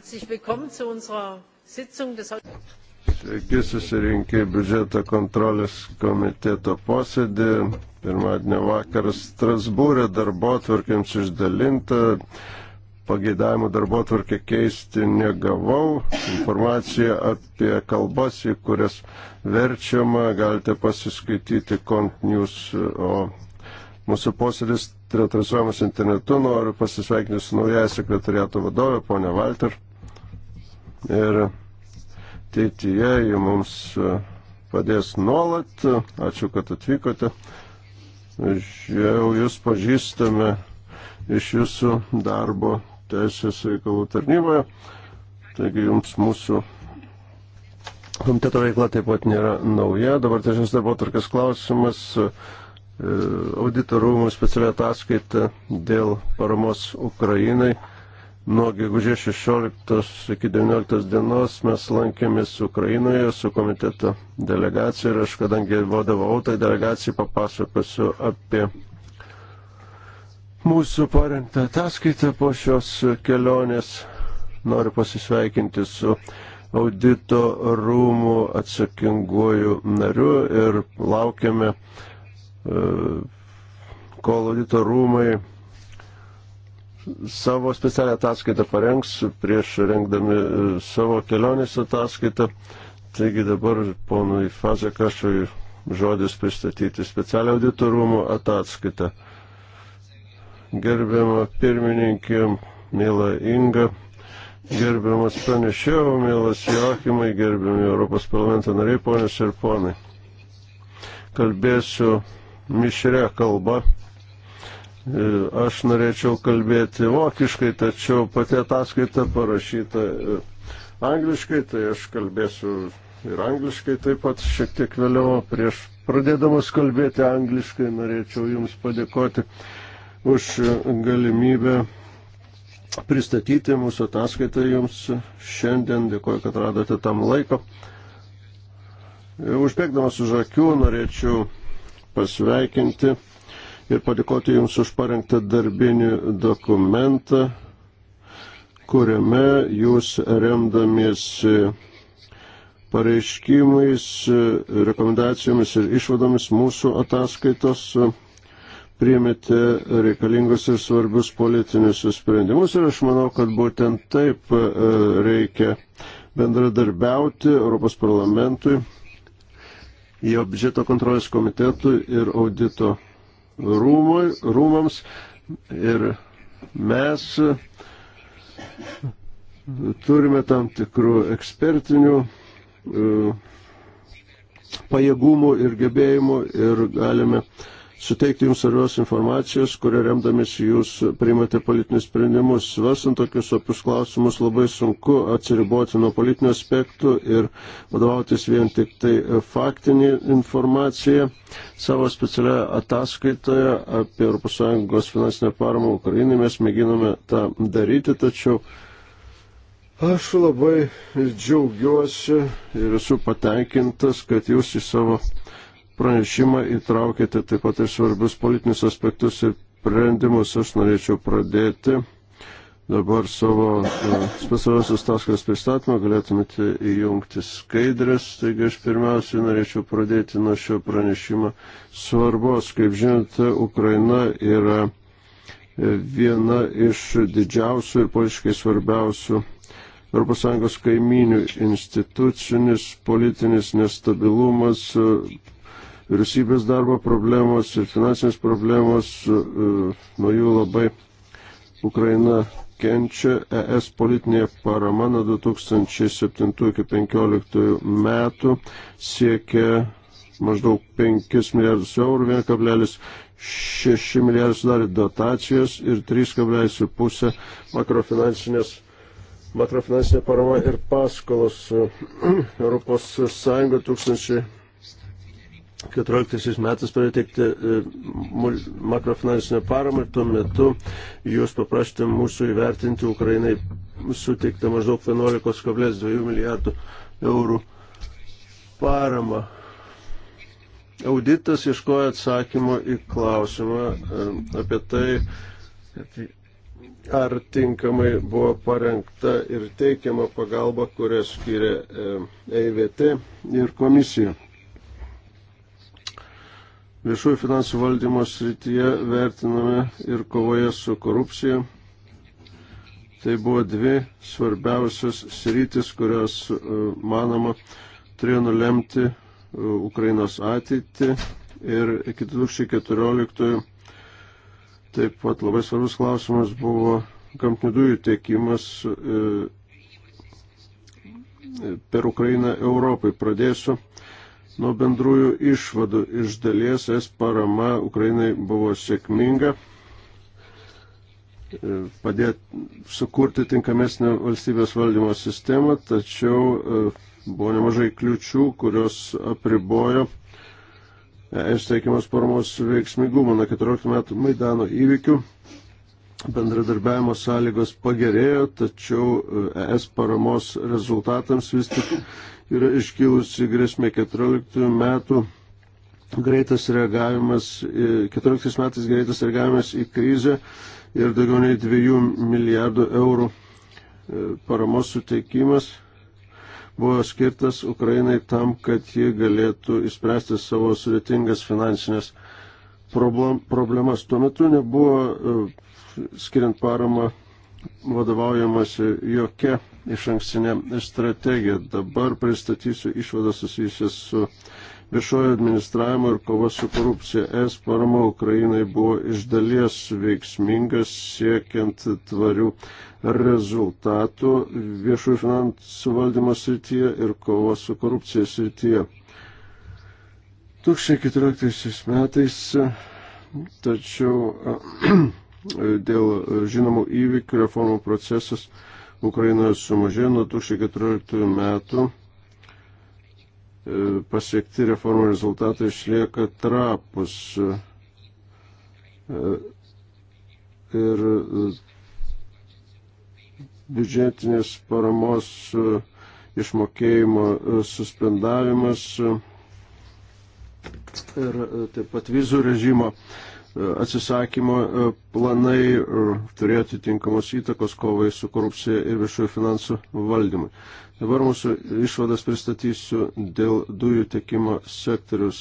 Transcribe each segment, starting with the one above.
Sveiki susirinkę į biudžeto kontrolės komiteto posėdį. Pirmadienio vakaras Strasbūrė darbo atvarkėms išdalinta. Pageidavimų darbo atvarkę keisti negavau. Informaciją apie kalbas, į kurias verčiama, galite pasiskaityti kontinius. O mūsų posėdis transliuojamas internetu. Noriu pasisveikinti su naujaja sekretariato vadovė, ponia Valter ir ateityje jie mums e, padės nuolat. Ačiū, kad atvykote. Jau jūs pažįstame iš jūsų darbo teisės reikalų tarnyboje. Taigi jums mūsų komiteto veikla taip pat nėra nauja. Dabar teisės darbo tarkas klausimas e, auditorumų specialią ataskaitą dėl paramos Ukrainai. Nuo gegužės 16 iki 19 dienos mes lankėmės Ukrainoje su komiteto delegacija ir aš, kadangi vadovau tai delegacijai, papasakosiu apie mūsų parengtą ataskaitą po šios kelionės. Noriu pasisveikinti su audito rūmų atsakinguoju nariu ir laukiame, e, kol audito rūmai savo specialią ataskaitą parengs prieš rengdami e, savo kelionės ataskaitą. Taigi dabar ponui Fazekašui žodis pristatyti specialią auditorumo ataskaitą. Gerbiama pirmininkė, mėla Inga, gerbiamas pranešėjo, mėlas Joakimai, gerbiami Europos parlamento nariai, ponės ir ponai. Kalbėsiu mišrę kalbą E, aš norėčiau kalbėti vokiškai, tačiau pati ataskaita parašyta e, angliškai, tai aš kalbėsiu ir angliškai taip pat šiek tiek vėliau. Prieš pradėdamas kalbėti angliškai norėčiau Jums padėkoti už galimybę pristatyti mūsų ataskaitą Jums šiandien. Dėkuoju, kad radote tam laiko. E, užbėgdamas už akių norėčiau pasveikinti ir padėkoti Jums už parengtą darbinį dokumentą, kuriame Jūs remdamiesi pareiškimais, rekomendacijomis ir išvadomis mūsų ataskaitos priemėte reikalingus ir svarbius politinius sprendimus ir aš manau, kad būtent taip e, reikia bendradarbiauti Europos parlamentui, jo biudžeto kontrolės komitetui ir audito rūmui, rūmams ir mes turime tam tikrų ekspertinių e, pajėgumų ir gebėjimų ir galime uh, suteikti jums svarbios informacijos, kuria remdamėsi jūs priimate politinius sprendimus. Svarstant tokius opius klausimus, labai sunku atsiriboti nuo politinių aspektų ir vadovautis vien tik tai faktinį informaciją. Savo specialioje ataskaitoje apie ES finansinę paramą Ukrainai mes mėginame tą daryti, tačiau Aš labai džiaugiuosi ir esu patenkintas, kad jūs į savo pranešimą įtraukėte taip pat ir svarbius politinius aspektus ir sprendimus. Aš norėčiau pradėti dabar savo e, specialiosios taskos pristatymą, galėtumėte įjungti skaidrės. Taigi aš pirmiausiai norėčiau pradėti nuo šio pranešimo svarbos. Kaip žinote, Ukraina yra e, viena iš didžiausių ir politiškai svarbiausių ES kaiminių institucinis, politinis nestabilumas, vyriausybės darbo problemos ir finansinės problemos, e, nuo jų labai Ukraina kenčia. ES politinė parama nuo 2007-2015 metų siekia maždaug 5 milijardus eurų, 1,6 milijardus sudarė dotacijos ir 3,5 makrofinansinės makrofinansinė parama ir paskolos e, Europos Sąjunga 1000 2014 metais pradėti e, makrofinansinę paramą ir tuo metu jūs paprašėte mūsų įvertinti Ukrainai suteiktą maždaug 11,2 milijardų eurų paramą. Auditas ieškoja atsakymų į klausimą e, apie tai, ar tinkamai buvo parengta ir teikiama pagalba, kurią skiria EIVT e ir komisija viešųjų finansų valdymo srityje vertiname ir kovoje su korupcija. Tai buvo dvi svarbiausios sritis, kurios, e, manoma, turėjo nulemti e, Ukrainos ateitį ir iki 2014 taip pat labai svarbus klausimas buvo gamtinių dujų tiekimas e, per Ukrainą Europai. Pradėsiu nuo bendrųjų išvadų. Iš dalies es parama Ukrainai buvo sėkminga e, padėti sukurti tinkamesnę valstybės valdymo sistemą, tačiau e, buvo nemažai kliučių, kurios apribojo es teikiamas paramos veiksmigumą nuo 14 metų Maidano įvykių. Bendradarbiavimo sąlygos pagerėjo, tačiau e, es paramos rezultatams vis tik yra iškilusi grėsmė 14 metų. Greitas reagavimas, 14 e, metais greitas reagavimas į krizę ir daugiau nei 2 milijardų eurų e, paramos suteikimas buvo skirtas Ukrainai tam, kad ji galėtų įspręsti savo sudėtingas finansinės problemas. Tuo metu nebuvo e, skiriant paramą vadovaujamasi jokia iš ankstinė strategija. Dabar pristatysiu išvadas susijusias su viešojo administravimo ir kova su korupcija. Es parama Ukrainai buvo iš dalies veiksmingas siekiant tvarių rezultatų viešųjų finansų valdymo srityje ir kova su korupcija srityje. 2014 metais, tačiau E, dėl žinomų įvykių reformų procesas Ukrainoje sumažėjo nuo 2014 metų. E, pasiekti reformų rezultatai išlieka trapus. E, ir biudžetinės paramos išmokėjimo suspendavimas ir taip pat vizų režimo uh, E, atsisakymo e, planai e, turėjo atitinkamos įtakos kovai su korupcija ir viešųjų finansų valdymui. Dabar mūsų išvadas pristatysiu dėl dujų tekimo sektorius.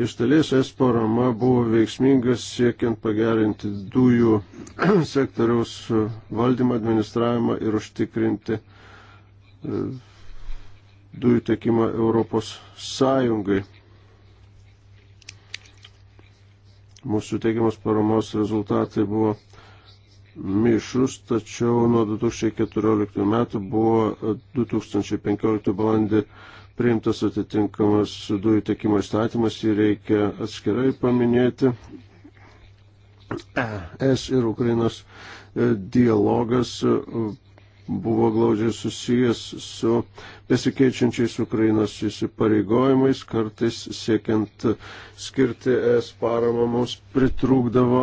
Iš dalies es parama buvo veiksmingas siekiant pagerinti dujų sektoriaus valdymą, administravimą ir užtikrinti dujų tekimą Europos Sąjungai. Mūsų teikiamas paramos rezultatai buvo mišus, tačiau nuo 2014 metų buvo 2015 balandį priimtas atitinkamas dujų tiekimo įstatymas, jį reikia atskirai paminėti. Es ir Ukrainos dialogas buvo glaudžiai susijęs su besikeičiančiais Ukrainos įsipareigojimais, kartais siekiant skirti es paramą mums pritrūkdavo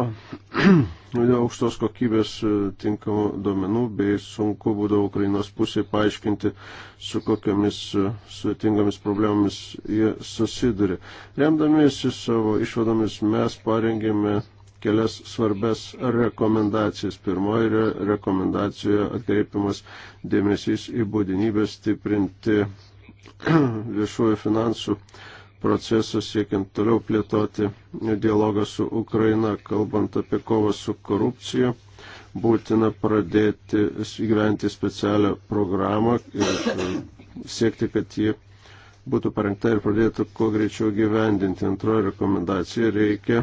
aukštos kokybės e, tinkamų duomenų, bei sunku būdavo Ukrainos pusiai paaiškinti, su kokiamis e, sudėtingomis problemomis jie susiduria. Remdamiesi savo išvadomis mes parengėme kelias svarbes rekomendacijas. Pirmoji re, rekomendacijoje atkreipiamas dėmesys į būdinybę stiprinti viešųjų finansų procesą siekiant toliau plėtoti dialogą su Ukraina, kalbant apie kovą su korupcija. Būtina pradėti įgyventi specialią programą ir e, siekti, kad ji būtų parengta ir pradėtų kuo greičiau gyvendinti. Antroji rekomendacija reikia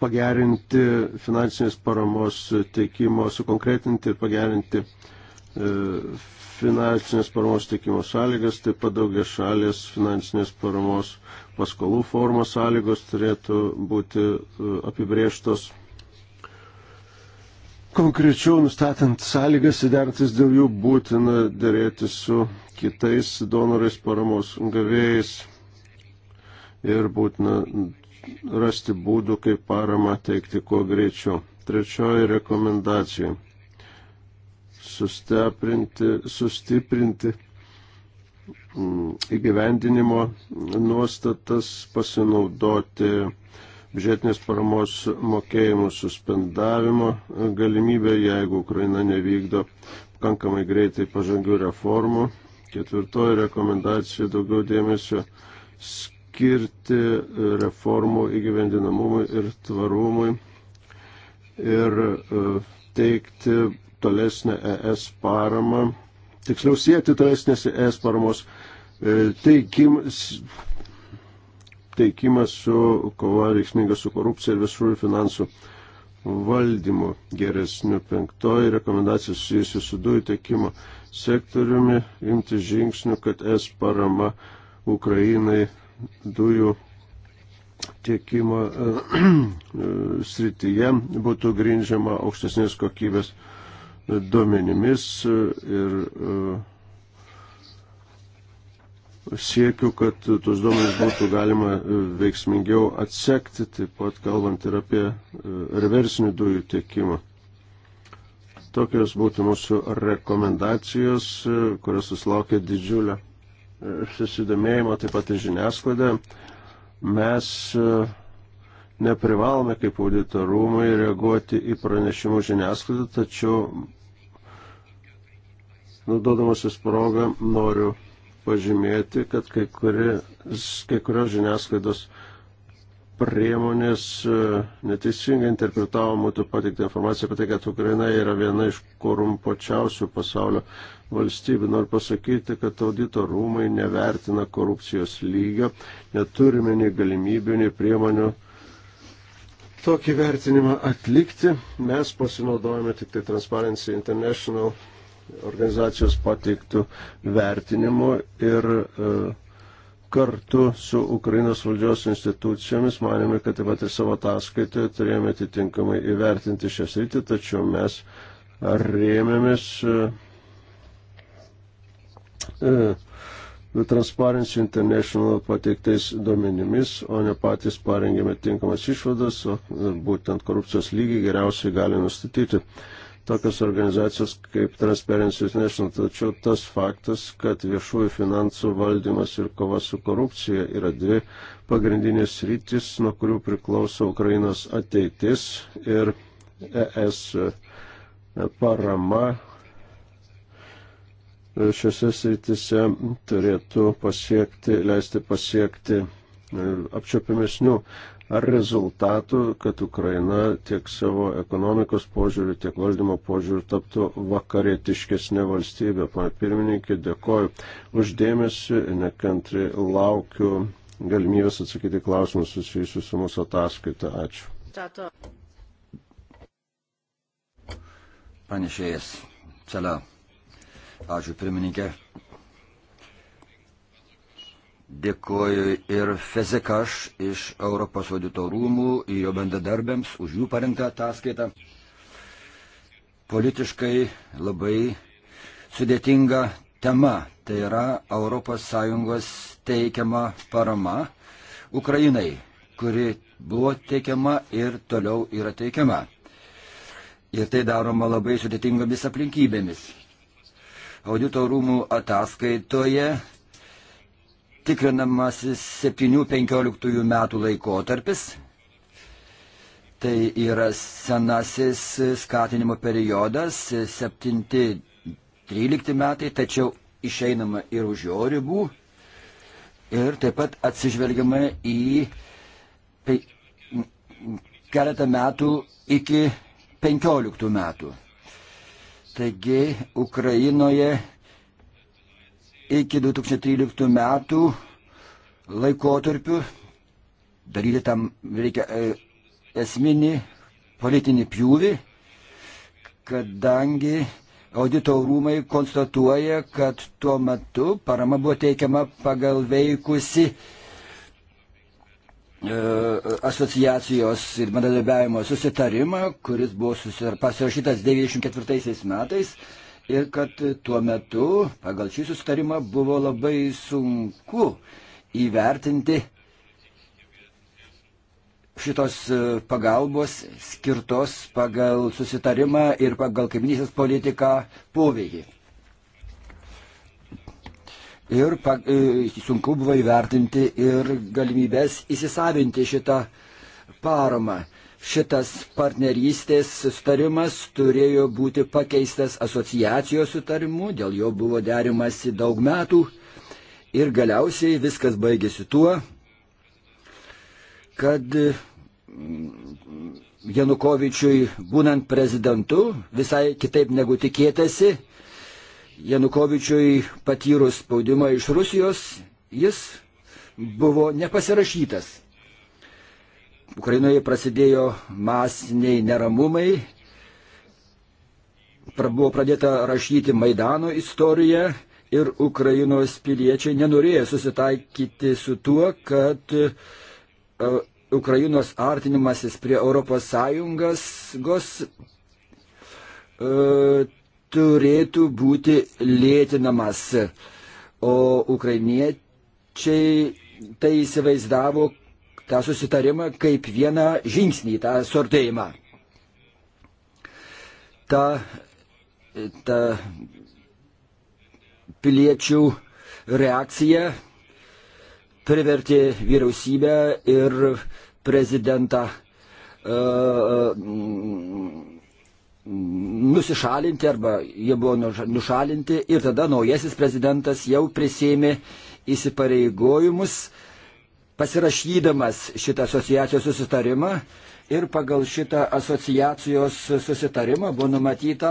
pagerinti finansinės paramos teikimo, sukonkretinti ir pagerinti e, finansinės paramos teikimo sąlygas, taip pat daugia šalės finansinės paramos paskolų formos sąlygos turėtų būti e, apibrieštos konkrečiau nustatant sąlygas įderintis dėl jų būtina dėrėti su kitais donorais paramos gavėjais ir būtina rasti būdų, kaip paramą teikti kuo greičiau. Trečioji rekomendacija - sustiprinti, sustiprinti mm, įgyvendinimo nuostatas, pasinaudoti biudžetinės paramos mokėjimų suspendavimo galimybę, jeigu Ukraina nevykdo pakankamai greitai pažangių reformų. Ketvirtoji rekomendacija daugiau dėmesio skirti skirti reformų įgyvendinamumui ir tvarumui ir e, teikti tolesnę ES paramą, tiksliau sieti tolesnės ES paramos e, teikimas, teikimas su kova veiksminga su korupcija ir visų finansų valdymu geresniu. Penktoji rekomendacija susijusi su dujų tiekimo sektoriumi imti žingsnių, kad es parama Ukrainai dujų tiekimo e, e, srityje būtų grindžiama aukštesnės kokybės duomenimis e, ir siekiu, kad tos duomenys būtų galima veiksmingiau atsekti, taip pat kalbant ir apie reversinių dujų tiekimą. Tokios būtų mūsų rekomendacijos, kurios susilaukė didžiulę susidomėjimo, taip pat ir žiniasklaidą, mes e, neprivalome kaip auditorumai reaguoti į pranešimų žiniasklaidą, tačiau naudodamasis progą noriu pažymėti, kad kai, kuri, kai kurios žiniasklaidos priemonės e, neteisingai interpretavo mūtų patiktą informaciją apie tai, kad Ukraina yra viena iš korumpuočiausių pasaulio valstybių. Noriu pasakyti, kad audito rūmai nevertina korupcijos lygio, neturime nei galimybių, nei priemonių tokį vertinimą atlikti. Mes pasinaudojame tik tai Transparency International organizacijos pateiktų vertinimų ir uh, kartu su Ukrainos valdžios institucijomis manėme, kad taip pat ir savo ataskaitoje turėjome atitinkamai įvertinti šią sritį, tačiau mes rėmėmės e, e, Transparency International pateiktais duomenimis, o ne patys parengėme tinkamas išvadas, o e, būtent korupcijos lygį geriausiai gali nustatyti tokios organizacijos kaip Transparency International. Tačiau tas faktas, kad viešųjų finansų valdymas ir kova su korupcija yra dvi pagrindinės rytis, nuo kurių priklauso Ukrainos ateitis ir ES parama šiose sritise turėtų pasiekti, leisti pasiekti apčiopimesnių rezultatų, kad Ukraina tiek savo ekonomikos požiūrių, tiek valdymo požiūrių taptų vakarietiškesnė valstybė. Pane pirmininkė, dėkoju uždėmesi, nekantri laukiu galimybės atsakyti klausimus susijusius su mūsų ataskaita. Ačiū. Panešėjas, celia. Ačiū pirmininkė. Dėkoju ir Fezekaš iš Europos audito rūmų, jo bendradarbėms už jų parengtą ataskaitą. Politiškai labai sudėtinga tema, tai yra ES teikiama parama Ukrainai, kuri buvo teikiama ir toliau yra teikiama. Ir tai daroma labai sudėtingomis aplinkybėmis. Audito rūmų ataskaitoje tikrinamasis 7-15 metų laikotarpis. Tai yra senasis skatinimo periodas 7-13 metai, tačiau išeinama ir už jo ribų. Ir taip pat atsižvelgiama į keletą metų iki 15 metų. Taigi Ukrainoje iki 2013 metų laikotarpiu daryti tam reikia e, esminį politinį pjūvį, kadangi audito rūmai konstatuoja, kad tuo metu parama buvo teikiama pagal veikusi e, asociacijos ir bendradarbiavimo susitarimą, kuris buvo pasirašytas 1994 metais ir kad tuo metu pagal šį sustarimą buvo labai sunku įvertinti šitos e, pagalbos skirtos pagal susitarimą ir pagal kaiminysės politiką poveikį. Ir pa, e, sunku buvo įvertinti ir galimybės įsisavinti šitą paramą šitas partnerystės sutarimas turėjo būti pakeistas asociacijos sutarimu, dėl jo buvo derimasi daug metų ir galiausiai viskas baigėsi tuo, kad mm, Janukovičiui būnant prezidentu, visai kitaip negu tikėtasi, Janukovičiui patyrus spaudimą iš Rusijos, jis buvo nepasirašytas. Ukrainoje prasidėjo masiniai neramumai, buvo pradėta rašyti Maidano istoriją ir Ukrainos piliečiai nenorėjo susitaikyti su tuo, kad e, Ukrainos artinimasis prie ES e, turėtų būti lėtinamas. O ukrainiečiai tai įsivaizdavo tą susitarimą kaip vieną žingsnį, tą sortėjimą. Ta, ta piliečių reakcija privertė vyriausybę ir prezidentą uh, nusišalinti arba jie buvo nušalinti ir tada naujasis prezidentas jau prisėmė įsipareigojimus uh, pasirašydamas šitą asociacijos susitarimą ir pagal šitą asociacijos susitarimą buvo numatyta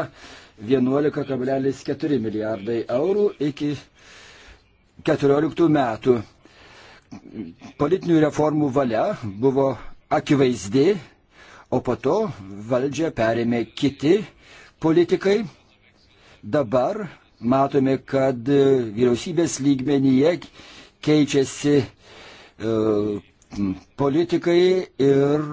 11,4 milijardai eurų iki 2014 metų. Politinių reformų valia buvo akivaizdi, o po to valdžią perėmė kiti politikai. Dabar matome, kad vyriausybės lygmenyje keičiasi E, politikai ir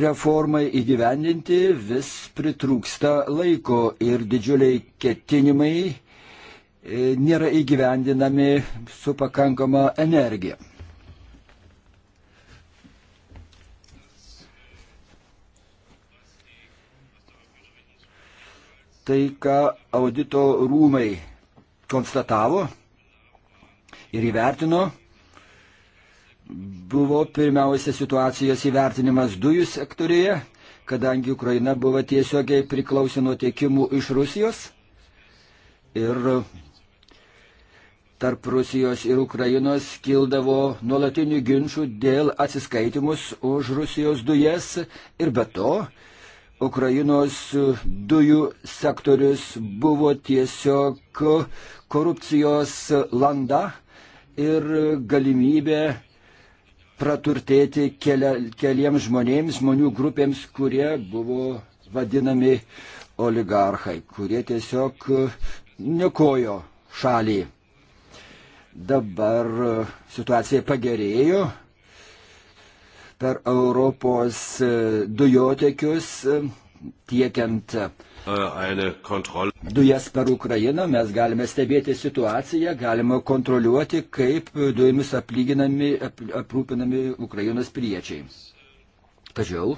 reformai įgyvendinti vis pritrūksta laiko ir didžiuliai ketinimai e, nėra įgyvendinami su pakankama energija. tai, ką audito rūmai konstatavo ir įvertino, buvo pirmiausia situacijos įvertinimas dujų sektoriuje, kadangi Ukraina buvo tiesiogiai priklausė nuo tiekimų iš Rusijos. Ir tarp Rusijos ir Ukrainos kildavo nuolatinių ginčių dėl atsiskaitimus už Rusijos dujas ir be to Ukrainos dujų sektorius buvo tiesiog korupcijos landa ir galimybė praturtėti kelia, keliems žmonėms, žmonių grupėms, kurie buvo vadinami oligarchai, kurie tiesiog e, nekojo šalį. Dabar e, situacija pagerėjo. Per Europos e, dujotekius tiekiant Äh, dujas per Ukrainą, mes galime stebėti situaciją, galime kontroliuoti, kaip dujomis aplyginami, ap, aprūpinami Ukrainos piliečiai. Tačiau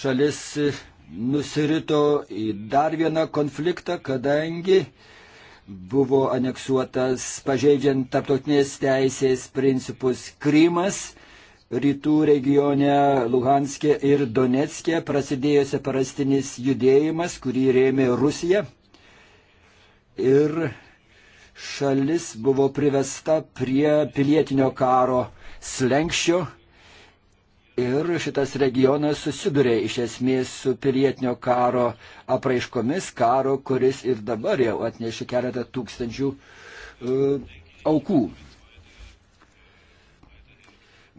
šalis nusirito į dar vieną konfliktą, kadangi buvo aneksuotas pažeidžiant tarptautinės teisės principus Krymas rytų regione Luhanskė ir Donetskė prasidėjo separastinis judėjimas, kurį rėmė Rusija. Ir šalis buvo privesta prie pilietinio karo slengščio. Ir šitas regionas susiduria iš esmės su pilietinio karo apraiškomis, karo, kuris ir dabar jau atnešė keletą tūkstančių uh, aukų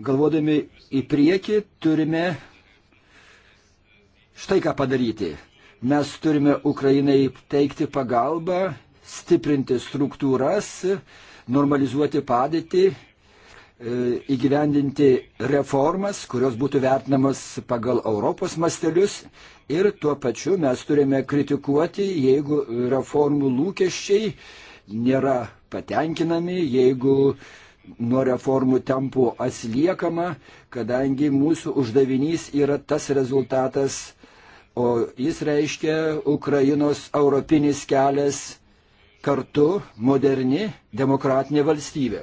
galvodami į priekį, turime štai ką padaryti. Mes turime Ukrainai teikti pagalbą, stiprinti struktūras, normalizuoti padėtį, e, įgyvendinti reformas, kurios būtų vertinamas pagal Europos mastelius ir tuo pačiu mes turime kritikuoti, jeigu reformų lūkesčiai nėra patenkinami, jeigu uh, nuo reformų tempų atsiliekama, kadangi mūsų uždavinys yra tas rezultatas, o jis reiškia Ukrainos europinis kelias kartu moderni demokratinė valstybė.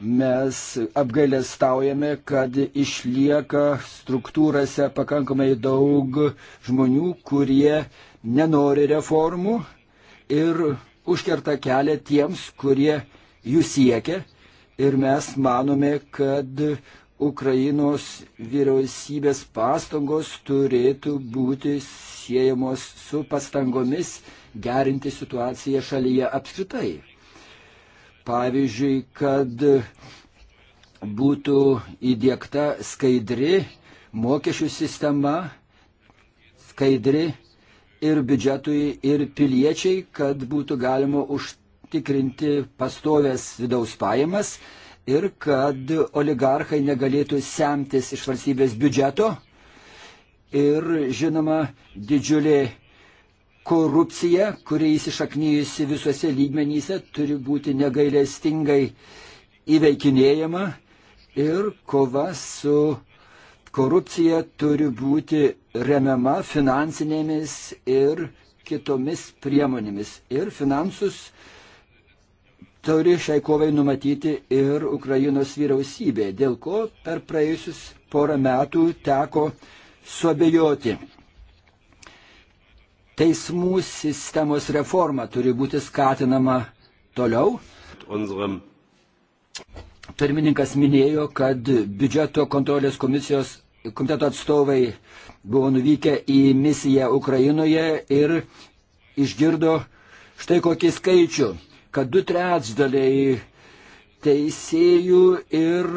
Mes apgailestaujame, kad išlieka struktūrose pakankamai daug žmonių, kurie nenori reformų ir užkerta kelią tiems, kurie jų siekia ir mes manome, kad Ukrainos vyriausybės pastangos turėtų būti siejamos su pastangomis gerinti situaciją šalyje apskritai. Pavyzdžiui, kad būtų įdėkta skaidri mokesčių sistema, skaidri ir biudžetui, ir piliečiai, kad būtų galima už užtikrinti pastovės vidaus pajamas ir kad oligarchai negalėtų semtis iš valstybės biudžeto. Ir žinoma, didžiulė korupcija, kuri įsišaknyjusi visuose lygmenyse, turi būti negailestingai įveikinėjama ir kova su korupcija turi būti remiama finansinėmis ir kitomis priemonėmis. Ir finansus uh, turi šiai kovai numatyti ir Ukrainos vyriausybė, dėl ko per praėjusius porą metų teko suabejoti. Teismų sistemos reforma turi būti skatinama toliau. Pirmininkas minėjo, kad biudžeto kontrolės komisijos komiteto atstovai buvo nuvykę į misiją Ukrainoje ir išgirdo štai kokį skaičių kad du trečdaliai teisėjų ir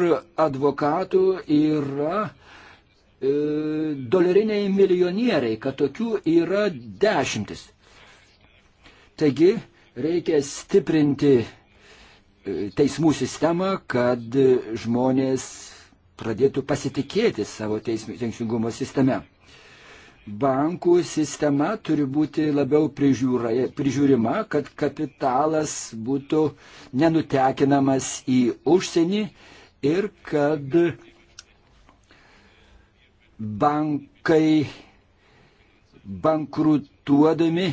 advokatų yra e, doleriniai milijonieriai, kad tokių yra dešimtis. Taigi reikia stiprinti e, teismų sistemą, kad žmonės pradėtų pasitikėti savo teisingumo sisteme bankų sistema turi būti labiau prižiūrima, kad kapitalas būtų nenutekinamas į užsienį ir kad bankai bankrutuodami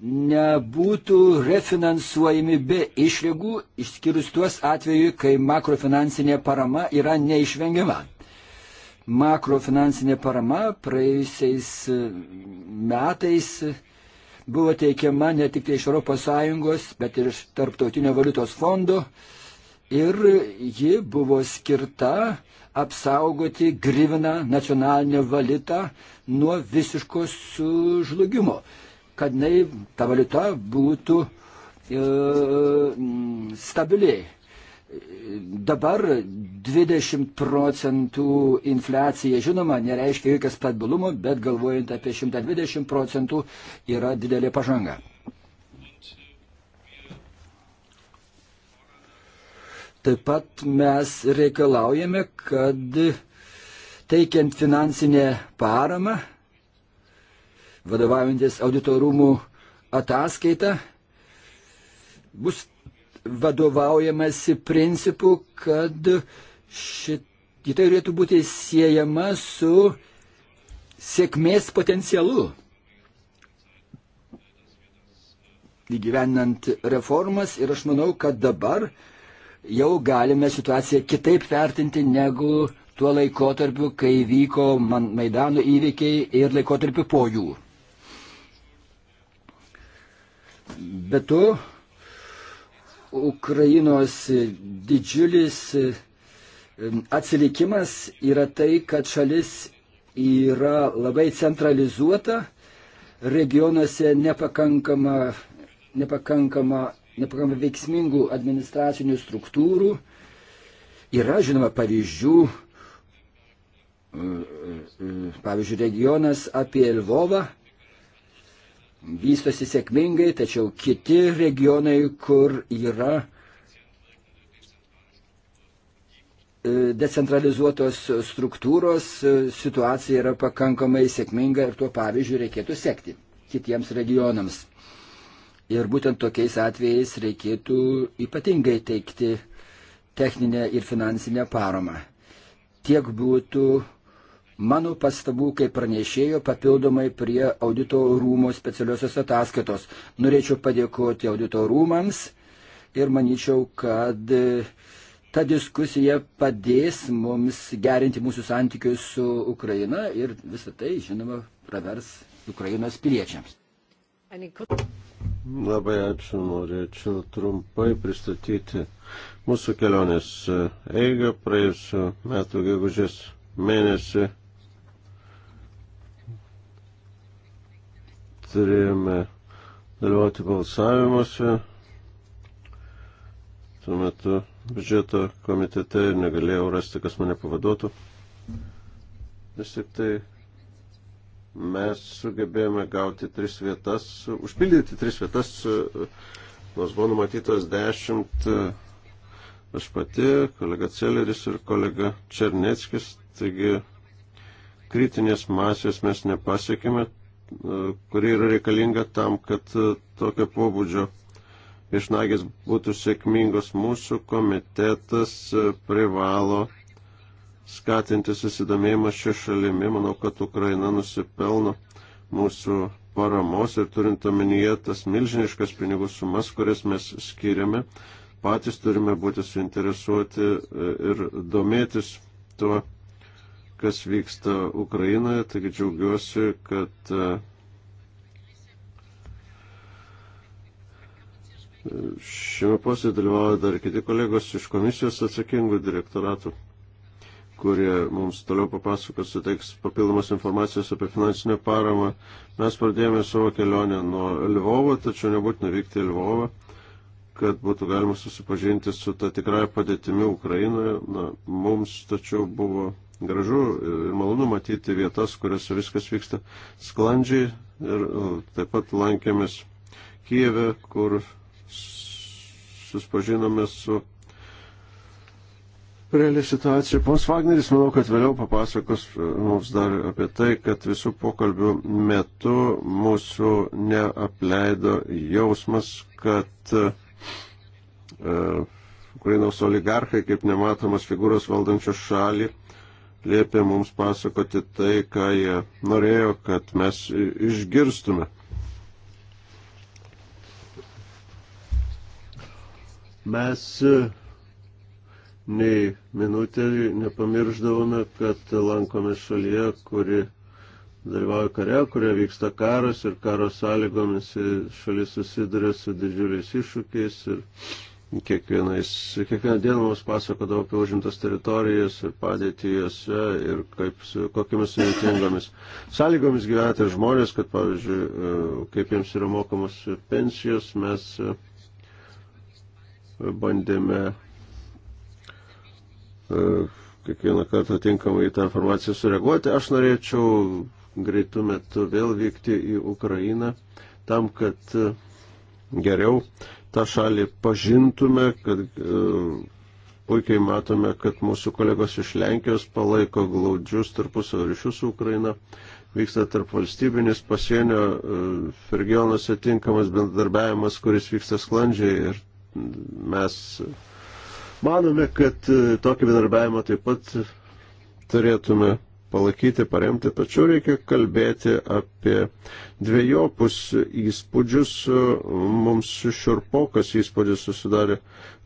nebūtų refinansuojami be išlygų, išskyrus tuos atveju, kai makrofinansinė parama yra neišvengiama makrofinansinė parama praėjusiais e, metais buvo teikiama ne tik tai iš ES, bet ir iš Tarptautinio valiutos fondo ir ji buvo skirta apsaugoti grivina nacionalinę valiutą nuo visiško sužlugimo, kad nei ta valiuta būtų e, stabiliai. Dabar 20 procentų infliacija, žinoma, nereiškia jokio stabilumo, bet galvojant apie 120 procentų yra didelė pažanga. Taip pat mes reikalaujame, kad teikiant finansinę paramą, vadovaujantis auditorumų ataskaita, bus vadovaujamasi principu, kad šitai turėtų būti siejama su sėkmės potencialu. Įgyvenant reformas ir aš manau, kad dabar jau galime situaciją kitaip vertinti negu tuo laikotarpiu, kai vyko Maidano įvykiai ir laikotarpiu po jų. Be to, Ukrainos didžiulis atsilikimas yra tai, kad šalis yra labai centralizuota, regionuose nepakankama, nepakankama, nepakankama veiksmingų administracinių struktūrų. Yra, žinoma, pavyzdžių, pavyzdžiui, regionas apie Lvovą, vystosi sėkmingai, tačiau kiti regionai, kur yra e, decentralizuotos struktūros, e, situacija yra pakankamai sėkminga ir tuo pavyzdžiu reikėtų sekti kitiems regionams. Ir būtent tokiais atvejais reikėtų ypatingai teikti techninę ir finansinę paramą. Tiek būtų mano pastabų kaip pranešėjo papildomai prie audito rūmo specialiosios ataskaitos. Norėčiau padėkoti audito rūmams ir manyčiau, kad e, ta diskusija padės mums gerinti mūsų santykius su Ukraina ir visą tai, žinoma, pravers Ukrainos piliečiams. Labai ačiū, norėčiau trumpai pristatyti mūsų kelionės eigą praėjusiu metu gegužės mėnesį turėjome dalyvauti balsavimuose. Tuo metu biudžeto komitete ir negalėjau rasti, kas mane pavaduotų. Vis tik tai mes sugebėjome gauti tris vietas, užpildyti tris vietas, nors buvo numatytos dešimt, aš pati, kolega Celeris ir kolega Černeckis, taigi kritinės masės mes nepasiekime, kuri yra reikalinga tam, kad e, tokio pobūdžio viešnagės būtų sėkmingos. Mūsų komitetas e, privalo skatinti susidomėjimą šią šalimi. Manau, kad Ukraina nusipelno mūsų paramos ir turint omenyje tas milžiniškas pinigų sumas, kurias mes skiriame, patys turime būti suinteresuoti e, ir domėtis tuo kas vyksta Ukrainoje, taigi džiaugiuosi, kad e, šiame posėdė dalyvauja dar kiti kolegos iš komisijos atsakingų direktoratų, kurie mums toliau papasakos, suteiks papildomas informacijos apie finansinę paramą. Mes pradėjome savo kelionę nuo Lvovo, tačiau nebūtina vykti į Lvovą kad būtų galima susipažinti su ta tikrąją padėtimi Ukrainoje. Na, mums tačiau buvo gražu ir malonu matyti vietas, kuriuose viskas vyksta sklandžiai. Ir e, taip pat lankėmės Kijeve, kur suspažinome su realią situaciją. Pons Wagneris, manau, kad vėliau papasakos e, mums dar apie tai, kad visų pokalbių metu mūsų neapleido jausmas, kad uh, Ukrainos oligarchai, kaip nematomas figūros valdančios šalį, uh, liepė mums pasakoti tai, ką jie norėjo, kad mes išgirstume. Mes e, nei minutę nepamirždavome, kad lankome šalyje, kuri dalyvauja kare, kurioje vyksta karas ir karo sąlygomis e, šalis susiduria su didžiuliais iššūkiais ir Kiekvienais, kiekvieną dieną mums pasakodavo apie užimtas teritorijas ir padėtį jose ir kaip, kokiamis sudėtingomis sąlygomis gyvena tai žmonės, kad pavyzdžiui, e, kaip jiems yra mokamos pensijos, mes e, bandėme e, kiekvieną kartą tinkamai į tą informaciją sureaguoti. Aš norėčiau greitų metų vėl vykti į Ukrainą tam, kad geriau tą šalį pažintume, kad e, puikiai matome, kad mūsų kolegos iš Lenkijos palaiko glaudžius tarpusavio ryšius su Ukraina. Vyksta tarp valstybinis pasienio e, regionuose tinkamas bendradarbiavimas, kuris vyksta sklandžiai ir mes manome, kad e, tokį bendradarbiavimą taip pat turėtume palaikyti, paremti, tačiau reikia kalbėti apie dviejopus įspūdžius. Mums šiurpokas įspūdis susidarė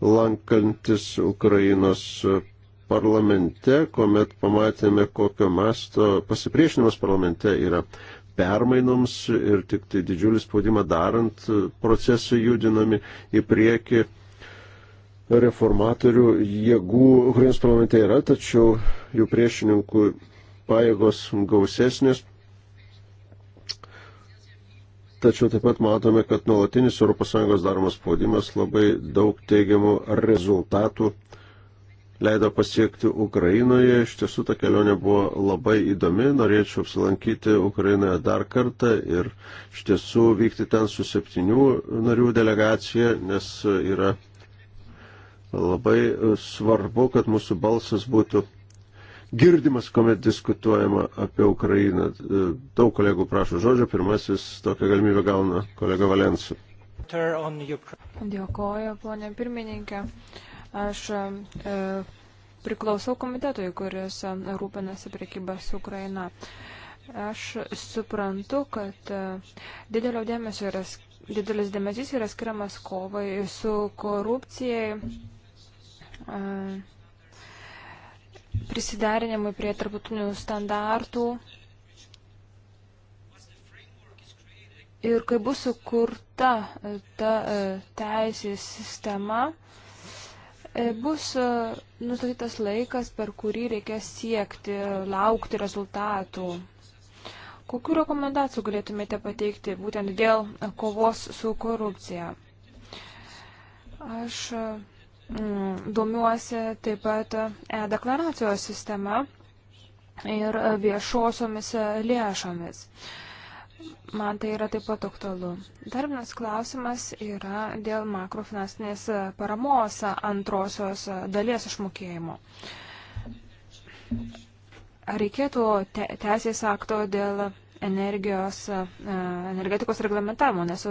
lankantis Ukrainos parlamente, kuomet pamatėme, kokio masto pasipriešinimas parlamente yra permainoms ir tik tai didžiulį spaudimą darant procesai judinami į priekį reformatorių jėgų Ukrainos parlamente yra, tačiau jų priešininkų pajėgos gausesnės. Tačiau taip pat matome, kad nuolatinis ES daromas spaudimas labai daug teigiamų rezultatų leido pasiekti Ukrainoje. Iš tiesų ta kelionė buvo labai įdomi. Norėčiau apsilankyti Ukrainoje dar kartą ir iš tiesų vykti ten su septynių narių delegacija, nes yra labai svarbu, kad mūsų balsas būtų girdimas, kuomet diskutuojama apie Ukrainą. Daug kolegų prašo žodžio, pirmasis tokią galimybę gauna kolega Valensu. Dėkoju, ponė pirmininkė. Aš e, priklausau komitetui, kuris e, rūpinasi priekybą su Ukraina. Aš suprantu, kad e, didelio dėmesio yra, didelis dėmesys yra skiriamas kovai su korupcijai. E, prisiderinimui prie tarptautinių standartų. Ir kai bus sukurta e, ta e, teisės sistema, e, bus nustatytas laikas, per kurį reikės siekti, laukti rezultatų. Kokiu rekomendacijų galėtumėte pateikti būtent dėl kovos su korupcija? Aš Mm, domiuosi taip pat e-deklaracijos sistema ir viešosiomis lėšomis. Man tai yra taip pat aktualu. Dar vienas klausimas yra dėl makrofinansinės paramos antrosios dalies išmokėjimo. Ar reikėtų te teisės akto dėl energijos, e, energetikos reglamentavimo, nes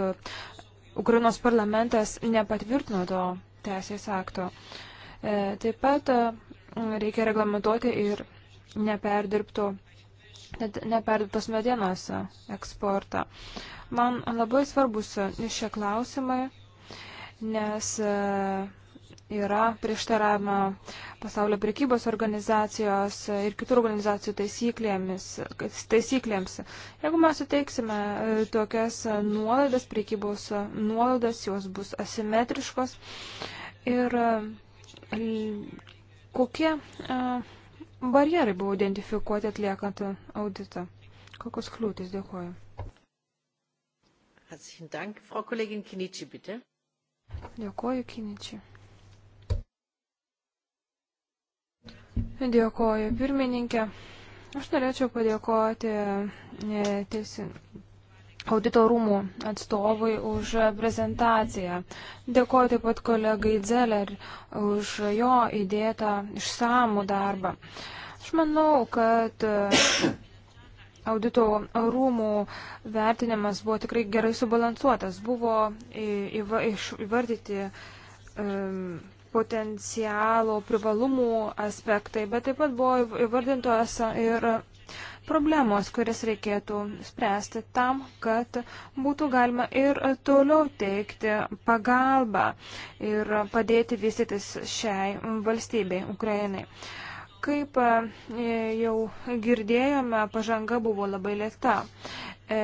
Ukrainos parlamentas nepatvirtino to teisės akto. E, taip pat e, reikia reglamentuoti ir neperdirbto neperdirbtos medienos eksportą. Man labai svarbus šie klausimai, nes e, yra prieštaravimo pasaulio prekybos organizacijos ir kitų organizacijų taisyklėms. Jeigu mes suteiksime e, tokias nuolaidas, prekybos nuolaidas, jos bus asimetriškos. Ir e, kokie e, barjerai buvo identifikuoti atliekant auditą? Kokios kliūtis? Dėkuoju. Herzlichen Dank. Frau Kollegin Kinici, bitte. Dėkuoju, Kinici. Dėkoju pirmininkė. Aš norėčiau padėkoti e, teisin, audito rūmų atstovui už prezentaciją. Dėkoju taip pat kolegai Dzeller už jo įdėtą išsamų darbą. Aš manau, kad e, audito rūmų vertinimas buvo tikrai gerai subalansuotas. Buvo įvardyti. Um, potencialo, privalumų aspektai, bet taip pat buvo įvardintos ir problemos, kurias reikėtų spręsti tam, kad būtų galima ir toliau teikti pagalbą ir padėti vystytis šiai valstybei, Ukrainai. Kaip e, jau girdėjome, pažanga buvo labai lėta. E,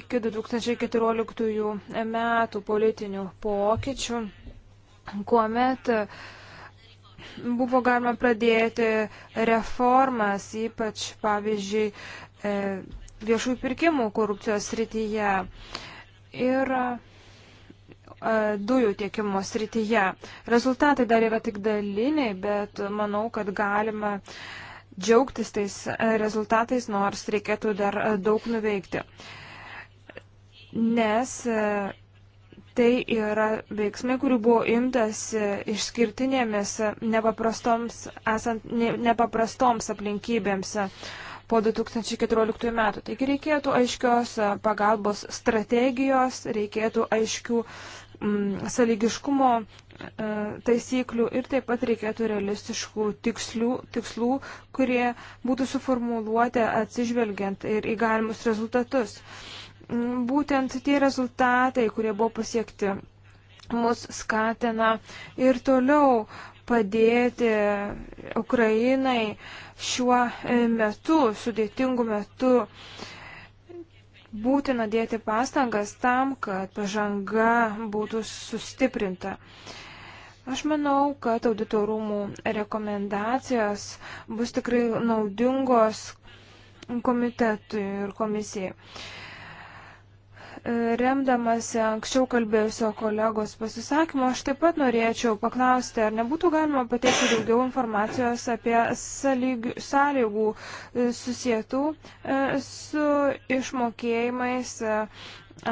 iki 2014 metų politinių pokyčių. Po kuomet buvo galima pradėti reformas, ypač, pavyzdžiui, e, viešųjų pirkimų korupcijos srityje ir e, dujų tiekimo srityje. Rezultatai dar yra tik daliniai, bet manau, kad galima džiaugtis tais e, rezultatais, nors reikėtų dar daug nuveikti. Nes Tai yra veiksmai, kurių buvo imtas išskirtinėmis nepaprastoms, esant ne, nepaprastoms aplinkybėms po 2014 metų. Taigi reikėtų aiškios pagalbos strategijos, reikėtų aiškių mm, sąlygiškumo e, taisyklių ir taip pat reikėtų realistiškų tikslių, tikslų, kurie būtų suformuoluoti atsižvelgiant ir į galimus rezultatus. E, būtent tie rezultatai, kurie buvo pasiekti, mus skatina ir toliau padėti Ukrainai šiuo e, metu, sudėtingu metu. Būtina dėti pastangas tam, kad pažanga būtų sustiprinta. Aš manau, kad auditorumų rekomendacijos bus tikrai naudingos komitetui ir komisijai remdamasi anksčiau kalbėjusio kolegos pasisakymo, aš taip pat norėčiau paklausti, ar nebūtų galima pateikti daugiau informacijos apie sąlygų, sąlygų e, susijętų e, su išmokėjimais, e,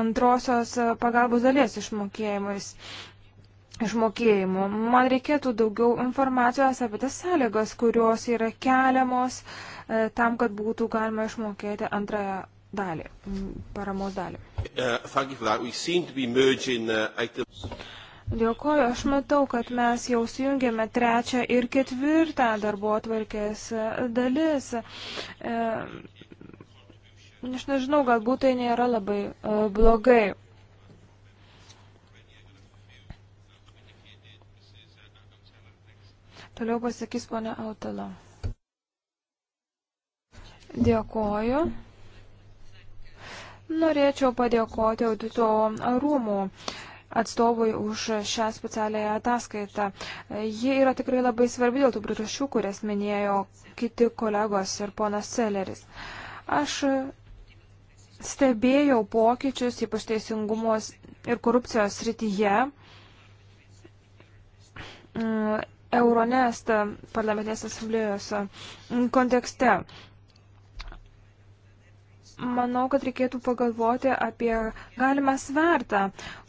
antrosios pagalbos dalies išmokėjimais. Išmokėjimų. Man reikėtų daugiau informacijos apie tas sąlygas, kurios yra keliamos tam, kad būtų galima išmokėti antrąją dalį, paramos dalį. Eh, eh, Dėkuoju, aš matau, kad mes jau sujungėme trečią ir ketvirtą darbo atvarkės eh, dalis. Aš nežinau, galbūt tai nėra labai blogai. Toliau pasakys ponia Autala. Dėkuoju. Norėčiau padėkoti audito rūmų atstovui už šią specialiąją ataskaitą. Ji yra tikrai labai svarbi dėl tų priežasčių, kurias minėjo kiti kolegos ir ponas Celeris. Aš stebėjau pokyčius, ypač teisingumos ir korupcijos srityje. Mm, Euronest parlamentinės asamblėjos kontekste. Manau, kad reikėtų pagalvoti apie galimą svertą,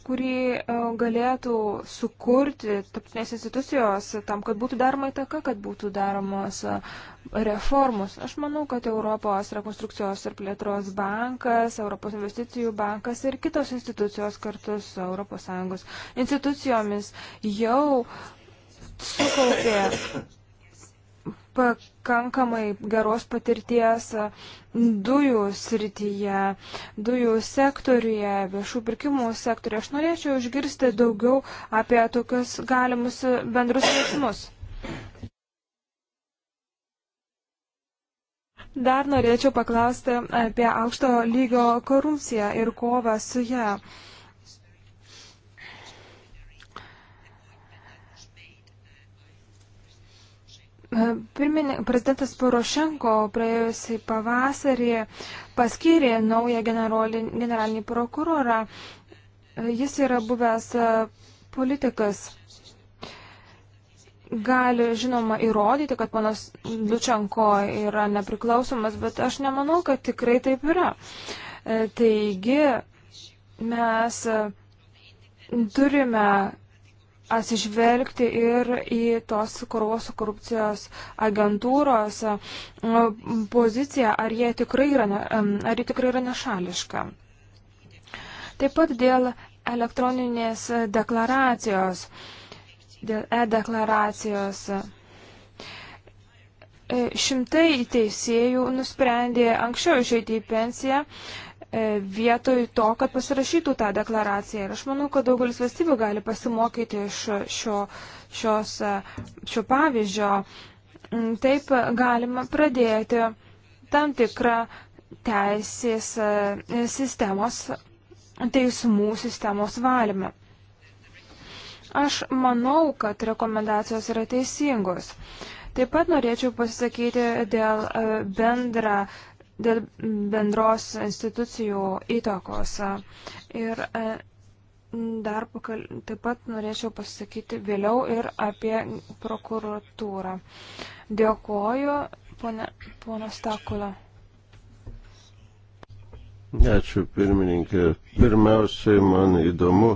kurį e, galėtų sukurti taptinės institucijos tam, kad būtų daroma įtaka, kad būtų daromos e, reformos. Aš manau, kad Europos rekonstrukcijos ir plėtros bankas, Europos investicijų bankas ir kitos institucijos kartu su ES institucijomis jau sukaupė pakankamai geros patirties dujų srityje, dujų sektoriuje, viešų pirkimų sektoriuje. Aš norėčiau išgirsti daugiau apie tokius galimus bendrus veiksmus. Dar norėčiau paklausti apie aukšto lygio korupciją ir kovą su ją. Ja. E, pirminė, prezidentas Porošenko praėjusį pavasarį paskyrė naują generalinį prokurorą. E, jis yra buvęs e, politikas. Gali, žinoma, įrodyti, kad ponas Lučenko yra nepriklausomas, bet aš nemanau, kad tikrai taip yra. Taigi, mes turime atsižvelgti ir į tos kovos su korupcijos agentūros poziciją, ar jie tikrai yra, ne, ar jie tikrai yra nešališka. Taip pat dėl elektroninės deklaracijos, dėl e-deklaracijos. E, šimtai teisėjų nusprendė anksčiau išeiti į pensiją E, vietoj to, kad pasirašytų tą deklaraciją. Ir aš manau, kad daugelis valstybių gali pasimokyti iš šio, šios, e, šio pavyzdžio. Mm, taip galima pradėti tam tikrą teisės e, sistemos, teismų sistemos valymą. Aš manau, kad rekomendacijos yra teisingos. Taip pat norėčiau pasakyti dėl bendra dėl bendros institucijų įtakos. Ir e, dar pakal... taip pat norėčiau pasakyti vėliau ir apie prokuratūrą. Dėkoju, pono Stakula. Ačiū pirmininkė. Pirmiausiai man įdomu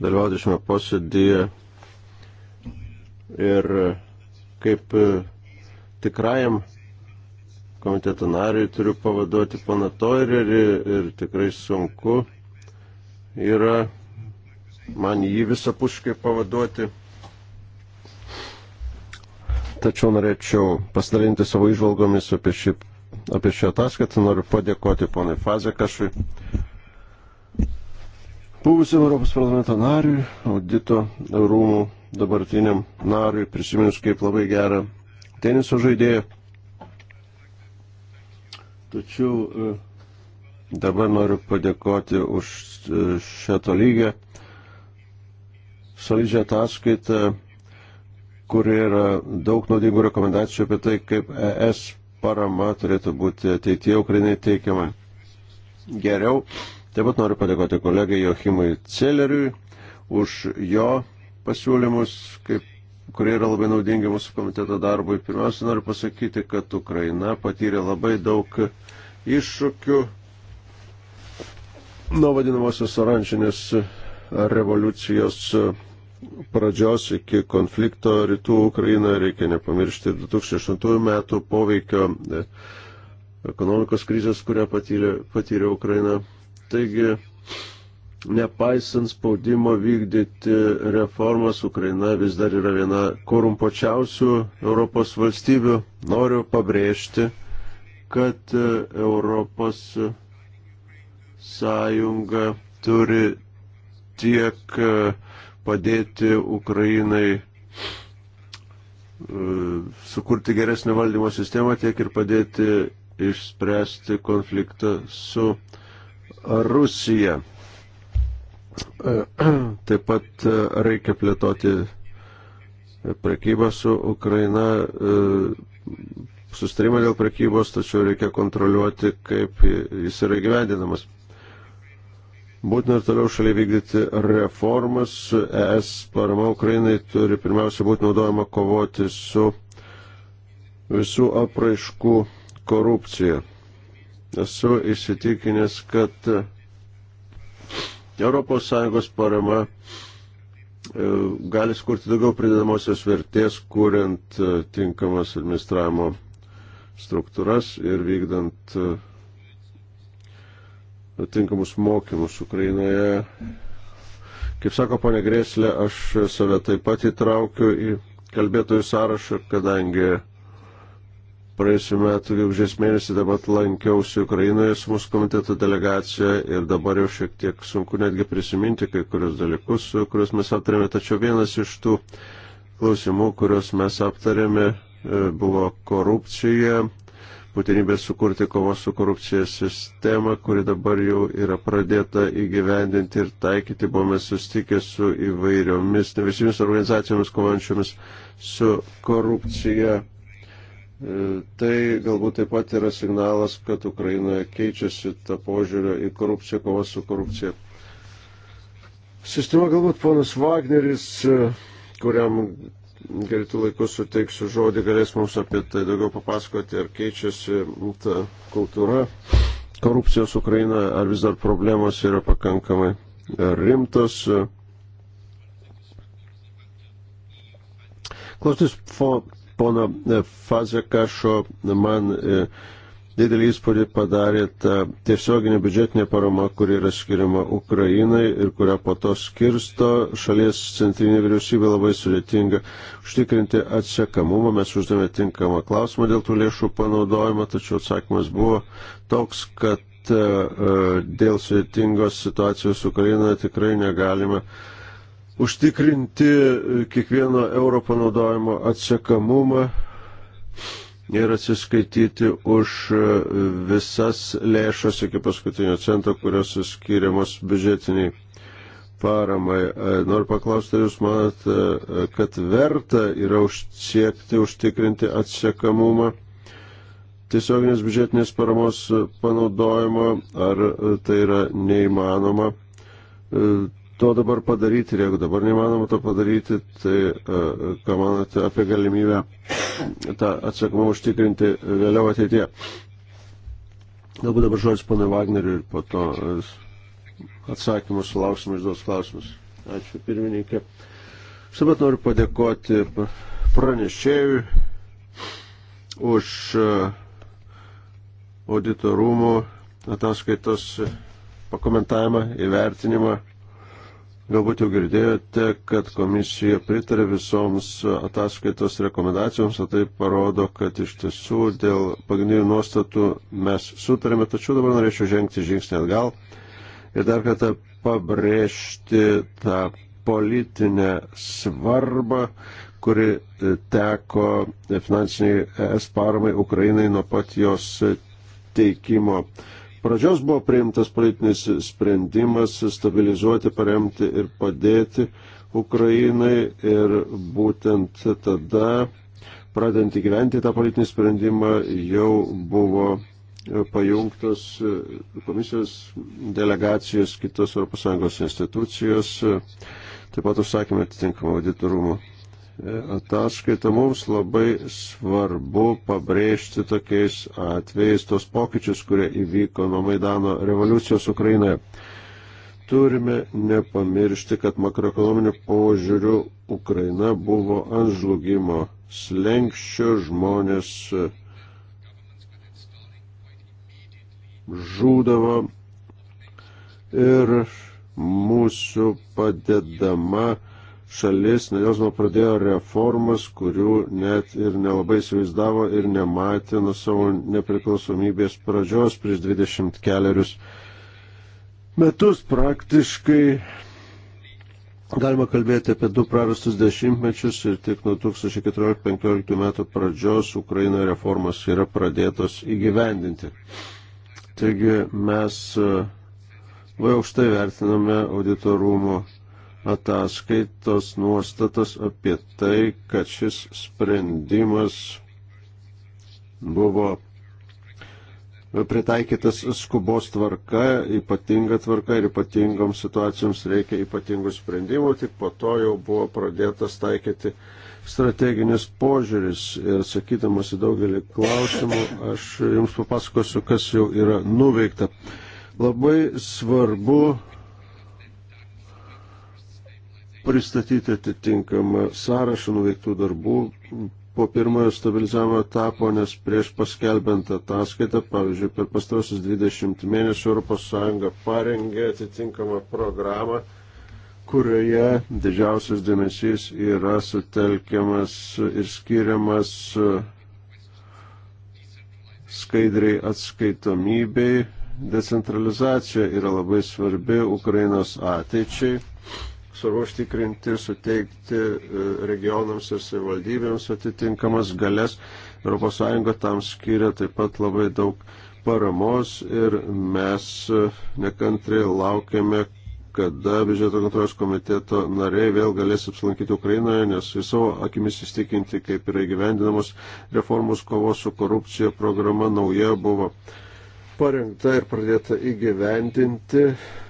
dalyvauti šiame posėdėje ir kaip e, tikrajam komiteto nariui turiu pavaduoti pana Toirerį ir tikrai sunku yra man jį visapuškai pavaduoti. Tačiau norėčiau pasidalinti savo išvalgomis apie šį, apie šį ataskaitą. Noriu padėkoti ponai Fazekašui, buvusiam Europos parlamento nariui, audito rūmų dabartiniam nariui, prisiminus kaip labai gerą teniso žaidėją. Tačiau e, dabar noriu padėkoti už e, šito lygę solidžią ataskaitą, kur yra daug naudingų rekomendacijų apie tai, kaip ES parama turėtų būti ateitie Ukrainai teikiama geriau. Taip pat noriu padėkoti kolegai Jochimui Celeriui už jo pasiūlymus, kaip kurie yra labai naudingi mūsų komiteto darbui. Pirmiausia, noriu pasakyti, kad Ukraina patyrė labai daug iššūkių nuo vadinamosios oranžinės revoliucijos pradžios iki konflikto rytų Ukrainoje reikia nepamiršti 2008 metų poveikio ekonomikos krizės, kurią patyrė, patyrė Ukraina. Taigi Nepaisant spaudimo vykdyti reformas, Ukraina vis dar yra viena korumpočiausių Europos valstybių. Noriu pabrėžti, kad e, Europos sąjunga turi tiek e, padėti Ukrainai e, sukurti geresnę valdymo sistemą, tiek ir padėti išspręsti konfliktą su Rusija. Taip pat e, reikia plėtoti prekybą su Ukraina, e, sustarimą dėl prekybos, tačiau reikia kontroliuoti, kaip jis yra gyvendinamas. Būtina ir toliau šaliai vykdyti reformas. ES parama Ukrainai turi pirmiausia būti naudojama kovoti su visų apraiškų korupcija. Esu įsitikinęs, kad ES parama e, gali skurti daugiau pridedamosios vertės, kuriant e, tinkamas administravimo struktūras ir vykdant e, tinkamus mokymus Ukrainoje. Kaip sako ponė Grėslė, aš save taip pat įtraukiu į kalbėtojų sąrašą, kadangi Praėjusiu metu, gegužės mėnesį, taip pat lankiausi Ukrainoje su mūsų komiteto delegacija ir dabar jau šiek tiek sunku netgi prisiminti kai kurios dalykus, kuriuos mes aptarėme. Tačiau vienas iš tų klausimų, kuriuos mes aptarėme, e, buvo korupcija, būtinybė sukurti kovos su korupcija sistemą, kuri dabar jau yra pradėta įgyvendinti ir taikyti. Buvome sustikę su įvairiomis nevisiomis organizacijomis kovančiomis su korupcija E, tai galbūt taip pat yra signalas, kad Ukrainoje keičiasi ta požiūrio į korupciją, kovos su korupcija. Sistema galbūt ponas Wagneris, e, kuriam greitų laikų suteiksiu žodį, galės mums apie tai daugiau papasakoti, ar keičiasi ta kultūra korupcijos Ukrainoje, ar vis dar problemos yra pakankamai rimtos. Klausytis pono e, Fazekašo man e, didelį įspūdį padarė ta tiesioginė biudžetinė parama, kuri yra skiriama Ukrainai ir kurią po to skirsto šalies centrinė vyriausybė labai sudėtinga užtikrinti atsekamumą. Mes uždavėme tinkamą klausimą dėl tų lėšų panaudojimo, tačiau atsakymas buvo toks, kad e, dėl sudėtingos situacijos Ukrainoje tikrai negalime uh, užtikrinti e, kiekvieno euro panaudojimo atsekamumą ir atsiskaityti už e, visas lėšas iki paskutinio cento, kurios skiriamos biudžetiniai paramai. E, noriu paklausti, jūs manote, kad verta yra siekti užtikrinti atsekamumą tiesioginės biudžetinės paramos panaudojimo, ar tai yra neįmanoma to dabar padaryti ir jeigu dabar neįmanoma to padaryti, tai e, ką manote apie galimybę tą atsakomą užtikrinti vėliau ateitie. Galbūt dabar žodis pana Wagneriui ir po to e, atsakymus sulauksime iš duos klausimus. Ačiū pirmininkė. Aš taip pat noriu padėkoti pranešėjui už e, auditorumų ataskaitos pakomentavimą, įvertinimą Galbūt jau girdėjote, kad komisija pritarė visoms ataskaitos rekomendacijoms, o tai parodo, kad iš tiesų dėl pagrindinių nuostatų mes sutarėme, tačiau dabar norėčiau žengti žingsnį atgal ir dar kartą pabrėžti tą politinę svarbą, kuri teko finansiniai es paramai Ukrainai nuo pat jos teikimo pradžios buvo priimtas politinis sprendimas stabilizuoti, paremti ir padėti Ukrainai ir būtent tada, pradant įgyventi tą politinį sprendimą, jau buvo pajungtos komisijos delegacijos, kitos ES institucijos, taip pat užsakėme atitinkamą auditorumą ataskaitą mums labai svarbu pabrėžti tokiais atvejais tos pokyčius, kurie įvyko nuo Maidano revoliucijos Ukrainoje. Turime nepamiršti, kad makroekonominiu požiūriu Ukraina buvo ant žlugimo slengščio žmonės e, žūdavo ir mūsų padedama šalis nuo jos pradėjo reformas, kurių net ir nelabai įsivaizdavo ir nematė nuo savo nepriklausomybės pradžios prieš 20 keliarius metus praktiškai. Galima kalbėti apie du prarastus dešimtmečius ir tik nuo 2014-2015 metų pradžios Ukrainoje reformos yra pradėtos įgyvendinti. Taigi mes e, labai aukštai vertiname auditorumo ataskaitos nuostatas apie tai, kad šis sprendimas buvo pritaikytas skubos tvarka, ypatinga tvarka ir ypatingoms situacijoms reikia ypatingų sprendimų, tik po to jau buvo pradėtas taikyti strateginis požiūris ir sakydamas į daugelį klausimų, aš jums papasakosiu, kas jau yra nuveikta. Labai svarbu pristatyti atitinkamą sąrašą nuveiktų darbų po pirmojo stabilizavimo etapo, nes prieš paskelbent ataskaitą, pavyzdžiui, per pastarosius 20 mėnesių ES parengė atitinkamą programą, kurioje didžiausias dėmesys yra sutelkiamas ir skiriamas skaidriai atskaitomybei. Decentralizacija yra labai svarbi Ukrainos ateičiai svarbu užtikrinti, suteikti e, regionams ir savivaldybėms atitinkamas galės. ES tam skiria taip pat labai daug paramos ir mes e, nekantriai laukiame, kada biudžeto kontrolės komiteto nariai vėl galės apsilankyti Ukrainoje, nes viso akimis įstikinti, kaip yra įgyvendinamos reformos kovos su korupcija programa nauja buvo parengta ir pradėta įgyvendinti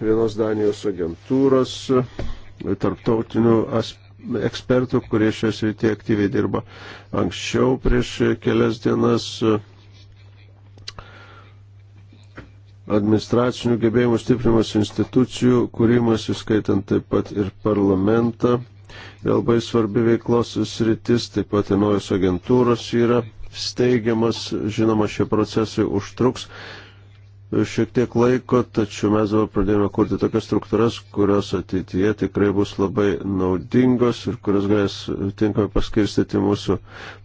vienos Danijos agentūros tarptautinių ekspertų, kurie šioje srityje aktyviai dirba. Anksčiau prieš kelias dienas administracinių gebėjimų stiprimas institucijų kūrimas, įskaitant taip pat ir parlamentą. Labai svarbi veiklos sritis, taip pat ir naujos agentūros yra steigiamas, žinoma, šie procesai užtruks, šiek tiek laiko, tačiau mes dabar pradėjome kurti tokias struktūras, kurios ateityje tikrai bus labai naudingos ir kurios galės tinkamai paskirstyti mūsų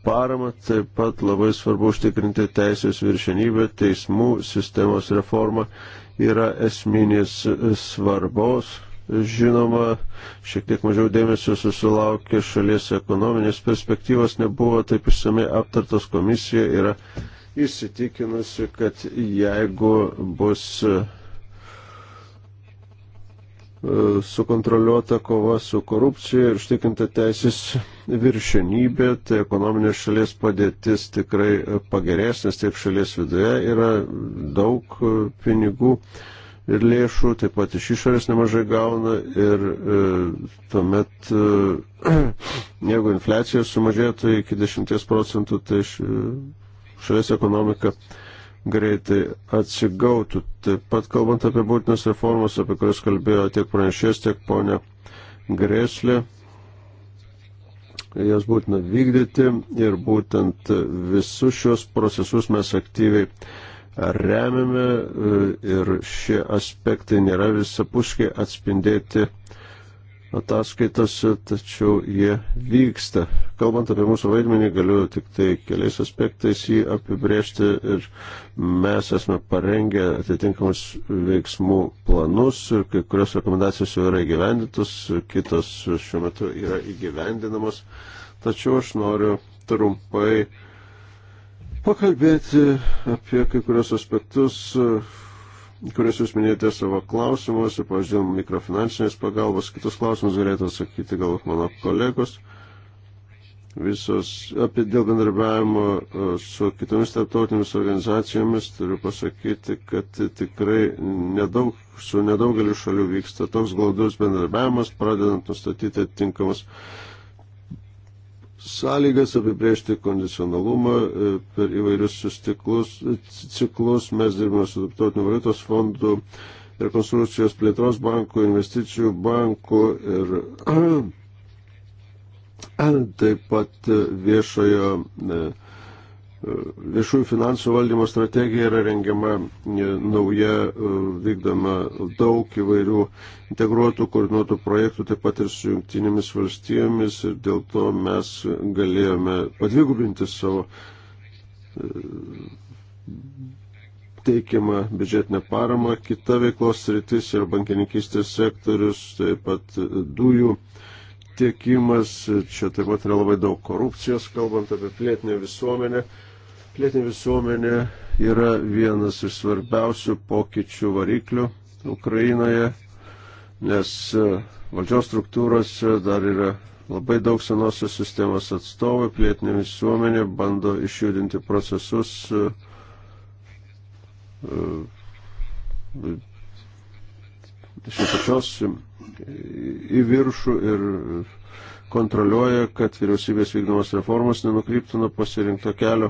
paramą. Taip pat labai svarbu užtikrinti teisės viršenybę, teismų sistemos reforma yra esminės svarbos. Žinoma, šiek tiek mažiau dėmesio susilaukė šalies ekonominės perspektyvos, nebuvo taip išsamei aptartos komisija. Yra įsitikinusi, kad jeigu bus e, sukontroliuota kova su korupcija ir užtikinta teisės viršenybė, tai ekonominė šalies padėtis tikrai pagerės, nes taip šalies viduje yra daug e, pinigų ir lėšų, taip pat iš išorės nemažai gauna ir e, tuomet, e, jeigu infliacija sumažėtų iki 10 procentų, tai š, e, šalies ekonomika greitai atsigautų. Taip pat kalbant apie būtinas reformas, apie kurias kalbėjo tiek pranešės, tiek ponia Greslė, jas būtina vykdyti ir būtent visus šios procesus mes aktyviai remiame e, ir šie aspektai nėra visapuškai atspindėti ataskaitas, tačiau jie vyksta. Kalbant apie mūsų vaidmenį, galiu tik tai keliais aspektais jį apibrėžti ir mes esame parengę atitinkamus veiksmų planus ir kai kurios rekomendacijos jau yra įgyvendintos, kitos šiuo metu yra įgyvendinamos. Tačiau aš noriu trumpai pakalbėti apie kai kurios aspektus, kurias jūs minėjote savo klausimuose, pavyzdžiui, mikrofinansinės pagalbos, kitus klausimus galėtų atsakyti galbūt mano kolegos. Visos apie dėl bendrabiavimo e, su kitomis tarptautinėmis organizacijomis turiu pasakyti, kad tikrai nedaug, su nedaugeliu šalių vyksta toks glaudus bendrabiavimas, pradedant nustatyti atitinkamus sąlygas, apibrėžti kondicionalumą e, per įvairius stiklus, ciklus. Mes dirbame su Tarptautiniu valiutos fondu, rekonstrukcijos plėtros banku, investicijų banku ir taip pat viešojo e, viešųjų finansų valdymo strategija yra rengiama e, nauja, e, vykdama daug įvairių integruotų, koordinuotų projektų, taip pat ir su jungtinėmis valstijomis ir dėl to mes galėjome padvigubinti savo e, teikiamą biudžetinę paramą. Kita veiklos sritis yra bankininkistės sektorius, taip pat dujų tiekimas. Čia taip pat yra labai daug korupcijos, kalbant apie plėtinę visuomenę. Plėtinė visuomenė yra vienas iš svarbiausių pokyčių variklių Ukrainoje, nes e, valdžios struktūrose dar yra labai daug senosios sistemos atstovai, plėtinė visuomenė bando išjudinti procesus, e, e, iš pačios į viršų ir kontroliuoja, kad vyriausybės vykdomas reformas nenukryptų nuo pasirinkto kelio.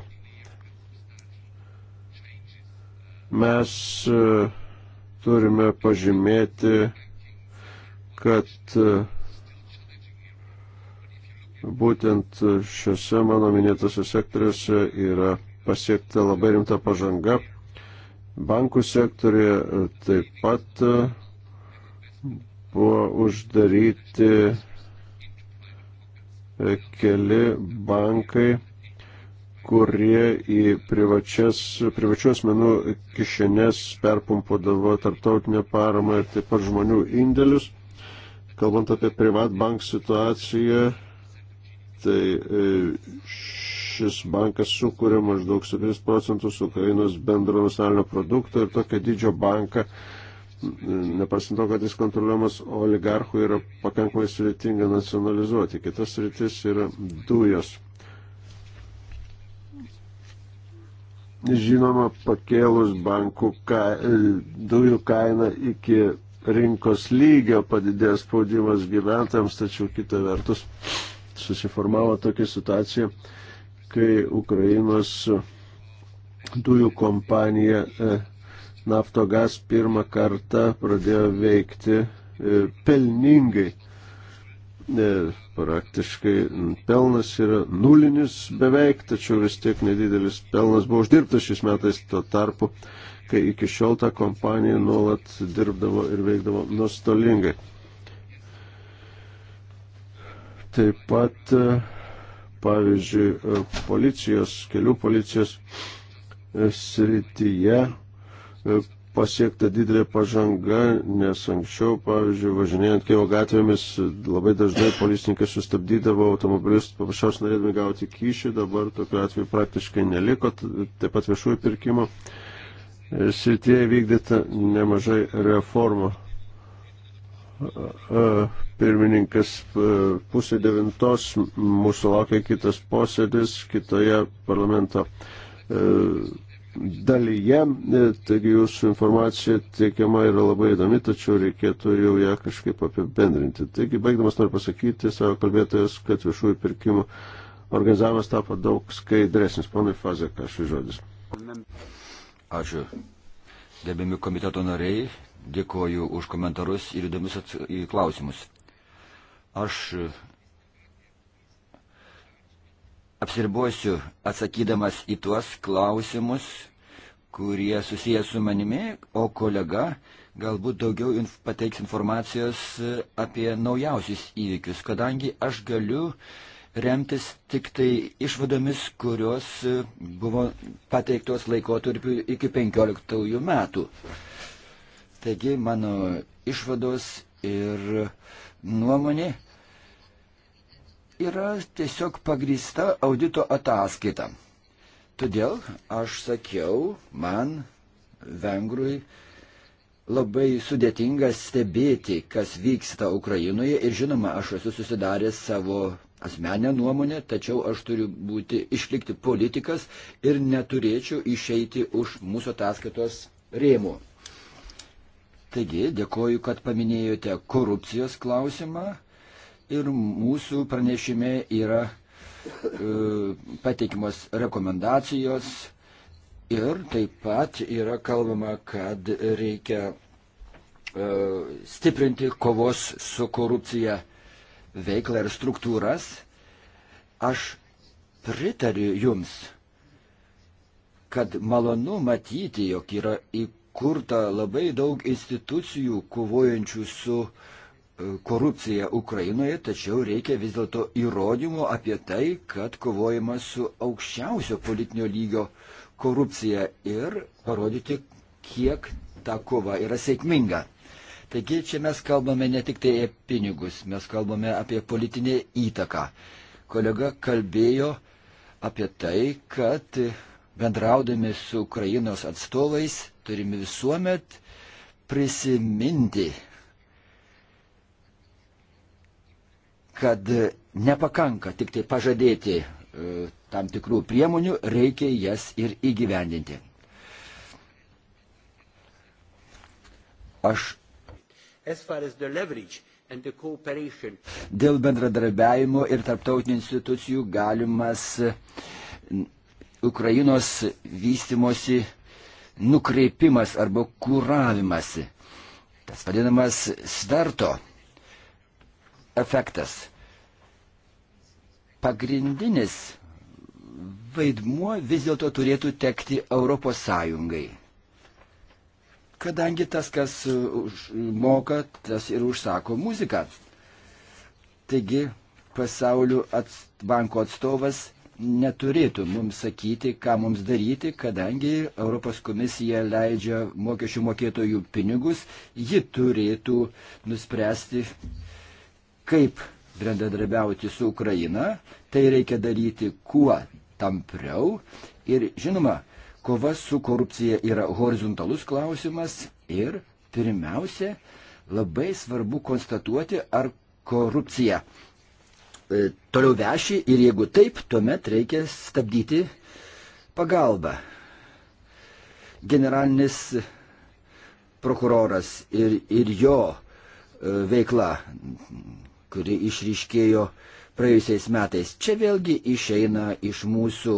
Mes e, turime pažymėti, kad e, būtent šiuose mano minėtose sektoriuose yra pasiekta labai rimta pažanga. Bankų sektorė e, taip pat buvo uždaryti keli bankai, kurie į privačias, privačių asmenų kišenės perpumpuodavo tarptautinę paramą ir taip pat žmonių indėlius. Kalbant apie privatbank situaciją, tai e, šis bankas sukuria maždaug 7 procentus Ukrainos bendro nacionalinio produkto ir tokio didžio banką Nepasint to, kad jis kontroliuojamas oligarchų yra pakankamai sudėtinga nacionalizuoti. Kitas rytis yra dujos. Žinoma, pakėlus bankų ka, dujų kainą iki rinkos lygio padidės spaudimas gyventojams, tačiau kita vertus susiformavo tokia situacija, kai Ukrainos dujų kompanija e, naftogas pirmą kartą pradėjo veikti e, pelningai. E, praktiškai pelnas yra nulinis beveik, tačiau vis tiek nedidelis pelnas buvo uždirbtas šiais metais tuo tarpu, kai iki šiol ta kompanija nuolat dirbdavo ir veikdavo nuostolingai. Taip pat, e, pavyzdžiui, policijos, kelių policijos srityje E, pasiekta didelė pažanga, nes anksčiau, pavyzdžiui, važinėjant Kievo gatvėmis, labai dažnai policininkai sustabdydavo automobilius, paprasčiausiai norėdami gauti kyšį, dabar tokiu atveju praktiškai neliko, taip pat viešųjų pirkimo e, srityje vykdyta nemažai reformų. E, pirmininkas pusė devintos mūsų laukia kitas posėdis kitoje parlamento dalyje, e, taigi jūsų informacija teikiama yra labai įdomi, tačiau reikėtų jau ją kažkaip apibendrinti. Taigi, baigdamas noriu pasakyti savo kalbėtojas, kad viešųjų pirkimų organizavimas tapo daug skaidresnis. Ponai Fazė, ką šis žodis. Ačiū. Gerbiami komiteto nariai, dėkoju už komentarus ir įdomius klausimus. Aš apsiribosiu atsakydamas į tuos klausimus, kurie susijęs su manimi, o kolega galbūt daugiau inf pateiks informacijos apie naujausius įvykius, kadangi aš galiu remtis tik tai išvadomis, kurios buvo pateiktos laikotarpiu iki 15 metų. Taigi mano išvados ir nuomonė yra tiesiog pagrįsta audito ataskaita. Todėl aš sakiau, man, vengrui, labai sudėtinga stebėti, kas vyksta Ukrainoje ir žinoma, aš esu susidaręs savo asmenę nuomonę, tačiau aš turiu būti, išlikti politikas ir neturėčiau išeiti už mūsų ataskaitos rėmų. Taigi, dėkoju, kad paminėjote korupcijos klausimą ir mūsų pranešime yra e, pateikimos rekomendacijos ir taip pat yra kalbama, kad reikia e, stiprinti kovos su korupcija veiklą ir struktūras. Aš pritariu Jums, kad malonu matyti, jog yra įkurta labai daug institucijų kovojančių su uh, korupcija Ukrainoje, tačiau reikia vis dėlto įrodymų apie tai, kad kovojama su aukščiausio politinio lygio korupcija ir parodyti, kiek ta kova yra sėkminga. Taigi čia mes kalbame ne tik tai apie pinigus, mes kalbame apie politinę įtaką. Kolega kalbėjo apie tai, kad bendraudami su Ukrainos atstovais turime visuomet prisiminti kad nepakanka tik tai pažadėti e, tam tikrų priemonių, reikia jas ir įgyvendinti. Aš dėl bendradarbiavimo ir tarptautinių institucijų galimas Ukrainos vystimosi nukreipimas arba kūravimas, tas vadinamas sverto efektas. Pagrindinis vaidmuo vis dėlto turėtų tekti Europos Sąjungai. Kadangi tas, kas moka, tas ir užsako muziką. Taigi pasaulio ats, banko atstovas neturėtų mums sakyti, ką mums daryti, kadangi Europos komisija leidžia mokesčių mokėtojų pinigus, ji turėtų nuspręsti kaip bendradarbiauti su Ukraina, tai reikia daryti kuo tampriau. Ir žinoma, kova su korupcija yra horizontalus klausimas ir pirmiausia, labai svarbu konstatuoti, ar korupcija e, toliau veši ir jeigu taip, tuomet reikia stabdyti pagalbą. Generalinis prokuroras ir, ir jo e, veikla kuri išryškėjo praėjusiais metais. Čia vėlgi išeina iš mūsų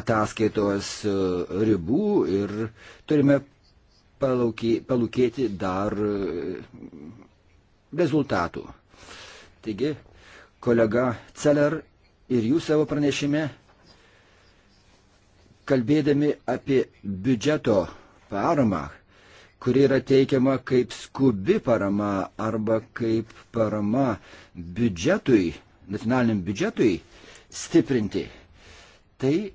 ataskaitos e, ribų ir turime palūkėti dar e, rezultatų. Taigi, kolega Celer ir jūs savo pranešime, kalbėdami apie biudžeto paramą, kuri yra teikiama kaip skubi parama arba kaip parama biudžetui, nacionaliniam biudžetui stiprinti. Tai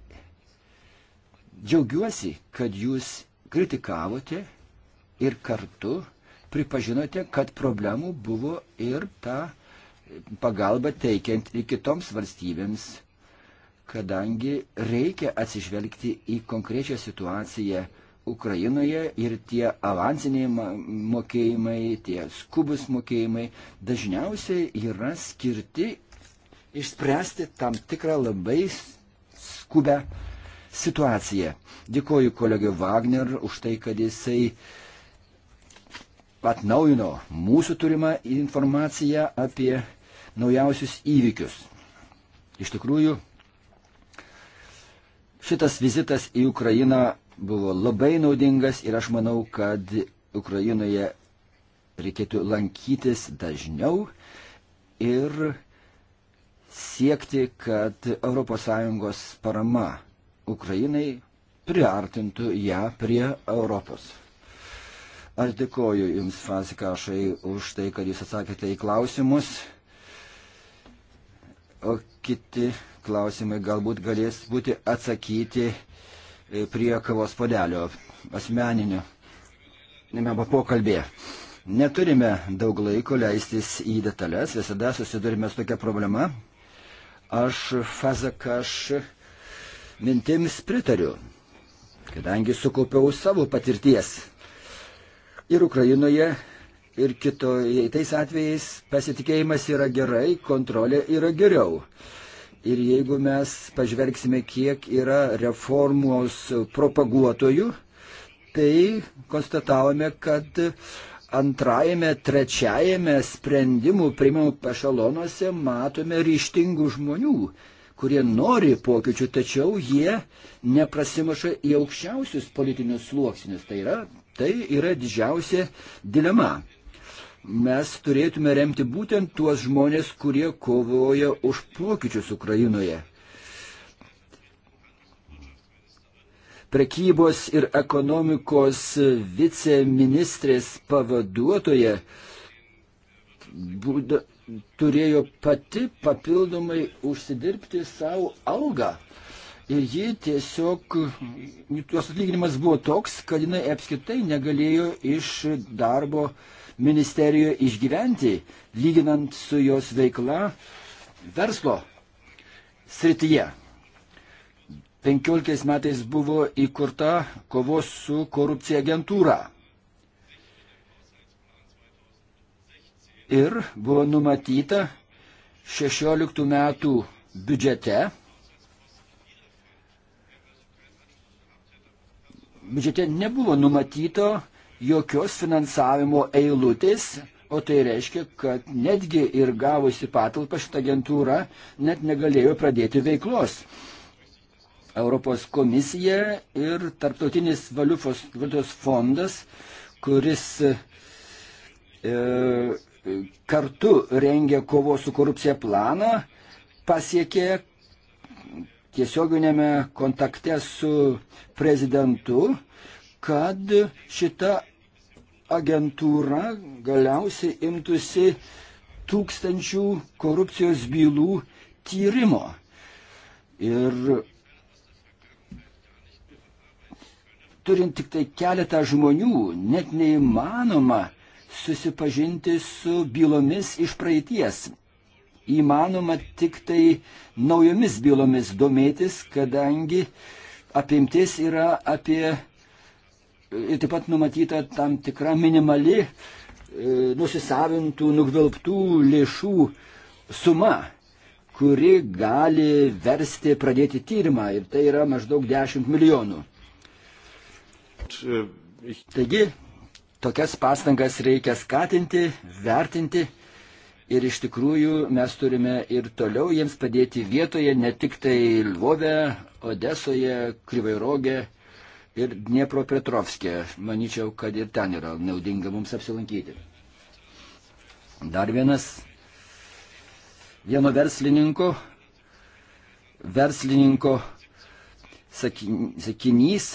džiaugiuosi, kad jūs kritikavote ir kartu pripažinote, kad problemų buvo ir ta pagalba teikiant ir kitoms valstybėms, kadangi reikia atsižvelgti į konkrečią situaciją Ukrainoje ir tie avansiniai mokėjimai, tie skubus mokėjimai dažniausiai yra skirti išspręsti tam tikrą labai skubę situaciją. Dėkoju kolegio Wagner už tai, kad jisai atnaujino mūsų turimą informaciją apie naujausius įvykius. Iš tikrųjų, šitas vizitas į Ukrainą buvo labai naudingas ir aš manau, kad Ukrainoje reikėtų lankytis dažniau ir siekti, kad ES parama Ukrainai priartintų ją prie Europos. Aš dėkoju Jums, Fasikašai, už tai, kad Jūs atsakėte į klausimus. O kiti klausimai galbūt galės būti atsakyti E, prie kavos podelio asmeninėme pokalbėje. Neturime daug laiko leistis į detalės, visada susidurime su tokia problema. Aš fazakaš mintims pritariu, kadangi sukaupiau savo patirties. Ir Ukrainoje, ir kitoje tais atvejais pasitikėjimas yra gerai, kontrolė yra geriau. Ir jeigu mes pažvelgsime, kiek yra reformos propaguotojų, tai konstatavome, kad antrajame, trečiajame sprendimų priimimo pašalonuose matome ryštingų žmonių, kurie nori pokyčių, tačiau jie neprasimaša į aukščiausius politinius sluoksnius. Tai yra, tai yra didžiausia dilema mes turėtume remti būtent tuos žmonės, kurie kovoja už pokyčius Ukrainoje. Prekybos ir ekonomikos viceministrės pavaduotoja būda, turėjo pati papildomai užsidirbti savo algą. Ir ji tiesiog, jos atlyginimas buvo toks, kad jinai apskritai negalėjo iš darbo uh, ministerijoje išgyventi, lyginant su jos veikla verslo srityje. 15 metais buvo įkurta kovos su korupcija agentūra. Ir buvo numatyta 16 metų biudžete biudžete nebuvo numatyto jokios finansavimo eilutės, o tai reiškia, kad netgi ir gavusi patalpą šitą agentūrą net negalėjo pradėti veiklos. Europos komisija ir Tarptautinis valiutos, valiutos fondas, kuris e, kartu rengia kovo su korupcija planą, pasiekė tiesioginėme kontakte su prezidentu, kad šita agentūra galiausiai imtųsi tūkstančių korupcijos bylų tyrimo. Ir turint tik tai keletą žmonių, net neįmanoma susipažinti su bylomis iš praeities. Įmanoma tik tai naujomis bylomis domėtis, kadangi apimtis yra apie ir taip pat numatyta tam tikra minimali e, nusisavintų, nugvilptų lėšų suma, kuri gali versti pradėti tyrimą ir tai yra maždaug 10 milijonų. Taigi, tokias pastangas reikia skatinti, vertinti ir iš tikrųjų mes turime ir toliau jiems padėti vietoje, ne tik tai Lvove, Odesoje, Kryvairogė ir Dniepropetrovskė. Aš manyčiau, kad ir ten yra naudinga mums apsilankyti. Dar vienas vieno verslininko, verslininko sakinys,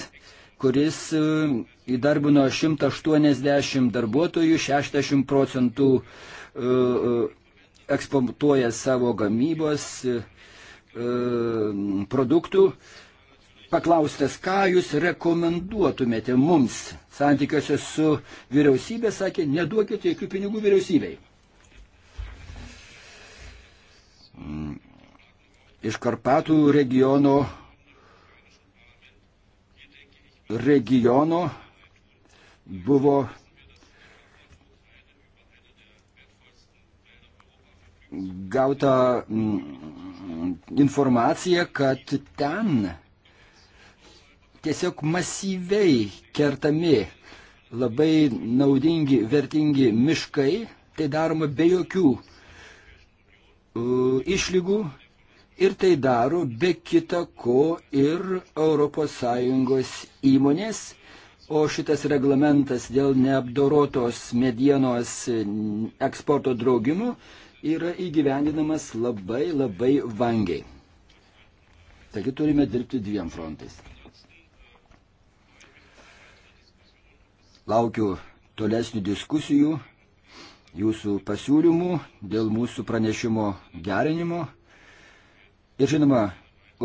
kuris e, įdarbino 180 darbuotojų, 60 procentų e, e, eksportuoja savo gamybos produktų, paklaustas, ką jūs rekomenduotumėte mums santykiuose su vyriausybė, sakė, neduokite jokių pinigų vyriausybei. Mm. Iš Karpatų regiono, regiono buvo gauta mm, informacija, kad ten tiesiog masyviai kertami labai naudingi, vertingi miškai, tai daroma be jokių uh, išlygų ir tai daro be kita ko ir ES įmonės, o šitas reglamentas dėl neapdorotos medienos eksporto draugimų yra įgyvendinamas labai labai vangiai. Taigi turime dirbti dviem frontais. Laukiu tolesnių diskusijų, jūsų pasiūlymų dėl mūsų pranešimo gerinimo. Ir žinoma,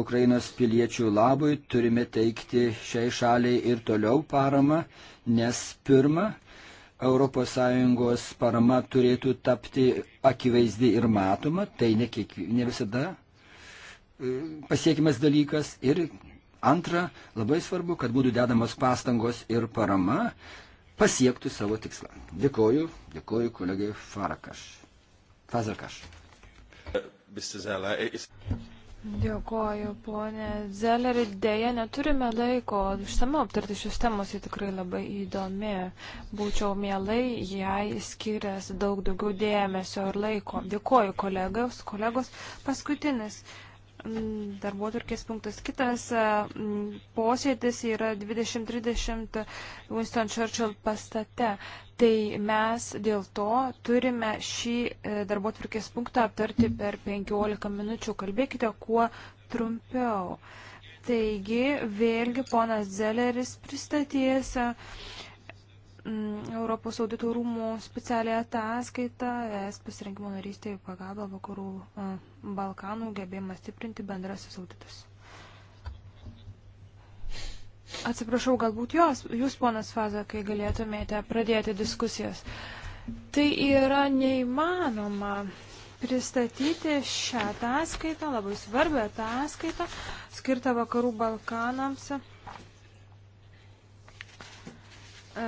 Ukrainos piliečių labui turime teikti šiai šaliai ir toliau paramą, nes pirma, ES parama turėtų tapti akivaizdi ir matoma, tai ne, kiek, ne visada e, pasiekimas dalykas. Ir antra, labai svarbu, kad būtų dedamos pastangos ir parama, pasiektų savo tikslą. Dėkoju, dėkoju kolegai Farakaš. Fazakaš. Dėkoju, ponė Zeleri. Deja, neturime laiko išsameu aptarti šios temos, ji tikrai labai įdomi. Būčiau mielai jai skiręs daug daugiau dėmesio ir laiko. Dėkoju kolegos, kolegos. Paskutinis darbotvarkės punktas. Kitas e, posėdis yra 2030 Winston Churchill pastate. Tai mes dėl to turime šį e, darbotvarkės punktą aptarti per 15 minučių. Kalbėkite kuo trumpiau. Taigi, vėlgi ponas Zelleris pristatys e, Mm, Europos audito rūmų specialią ataskaitą, es pasirinkimo narystė į pagalbą vakarų Balkanų gebėjimą stiprinti bendrasis auditas. Atsiprašau, galbūt jos, jūs, ponas Faza, kai galėtumėte pradėti diskusijas. Tai yra neįmanoma pristatyti šią ataskaitą, labai svarbią ataskaitą, skirtą vakarų Balkanams E,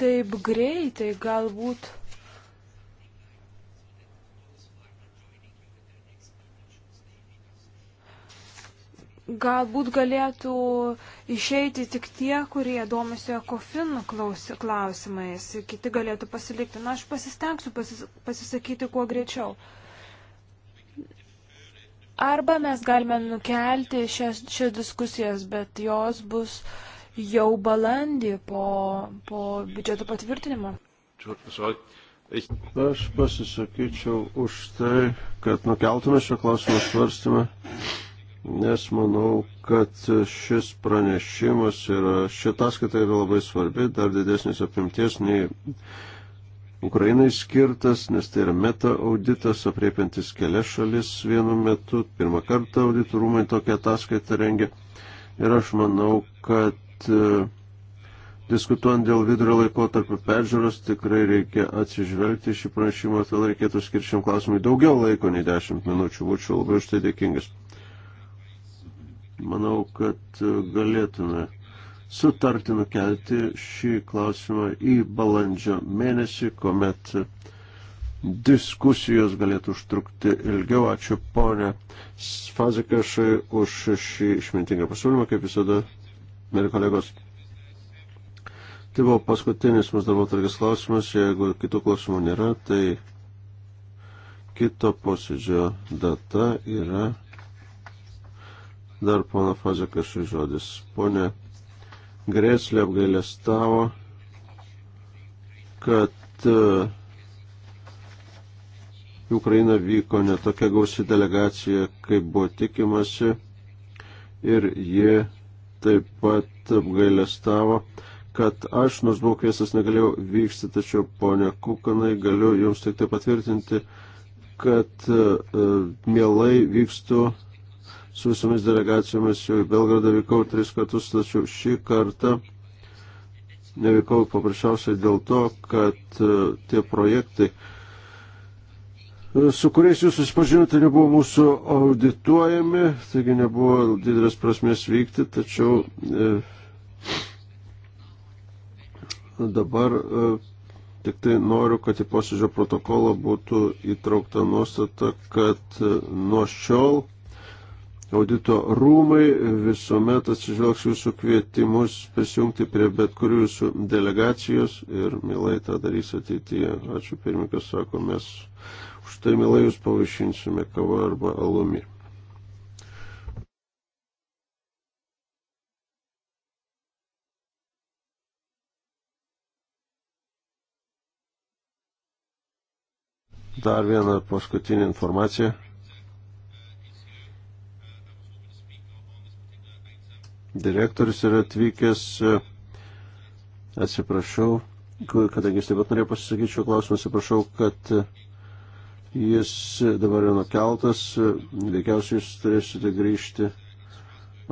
taip greitai galbūt galbūt galėtų išeiti tik tie, kurie domisi ekofinų klausimais, kiti galėtų pasilikti. Na, aš pasistengsiu pasis pasisakyti kuo greičiau. Uh, Arba mes galime nukelti šias, šias diskusijas, bet jos bus jau balandį po, po biudžeto patvirtinimo. Aš pasisakyčiau už tai, kad nukeltume šio klausimo svarstymą, nes manau, kad šis pranešimas ir šita skaita yra labai svarbi, dar didesnės apimties nei Ukrainai skirtas, nes tai yra meta auditas, apriepiantis kelias šalis vienu metu. Pirmą kartą auditorumai tokią ataskaitą rengia. Ir aš manau, kad e, diskutuojant dėl vidurio laiko tarp peržiūros, tikrai reikia atsižvelgti šį pranešimą, todėl reikėtų skirti šiam klausimui daugiau laiko nei 10 minučių. Būčiau labai už tai dėkingas. Manau, kad e, galėtume sutarti nukelti šį klausimą į balandžio mėnesį, kuomet diskusijos galėtų užtrukti ilgiau. Ačiū ponė Fazikašai už šį išmintingą pasiūlymą, kaip visada, mėly kolegos. Tai buvo paskutinis mūsų darbo targės klausimas. Jeigu kitų klausimų nėra, tai kito posėdžio data yra dar pono Fazikašai žodis. Pone Greslė apgailestavo, kad į e, Ukrainą vyko netokia gausi delegacija, kaip buvo tikimasi, ir ji taip pat apgailestavo, kad aš, nors buvau kviestas, negalėjau vykti, tačiau ponia Kukanai, galiu jums tik tai patvirtinti, kad uh, mielai vykstu su visomis delegacijomis jau į Belgradą vykau tris kartus, tačiau šį kartą nevykau paprasčiausiai dėl to, kad e, tie projektai, e, su kuriais jūs susipažinote, nebuvo mūsų audituojami, taigi nebuvo didelės prasmės vykti, tačiau e, dabar Tik tai noriu, kad į posėdžio protokolą būtų įtraukta nuostata, kad nuo šiol Audito rūmai visuomet atsižvelgs jūsų kvietimus prisijungti prie bet kurių jūsų delegacijos ir mielai tą darys ateityje. Ačiū pirmininkas, sako, mes už tai mielai jūs pavaišinsime kavą arba alumi. Dar vieną paskutinį informaciją. direktorius yra atvykęs. Atsiprašau, kadangi jis taip pat norėjo pasisakyti šio klausimą, atsiprašau, kad jis dabar yra nukeltas, veikiausiai jūs turėsite grįžti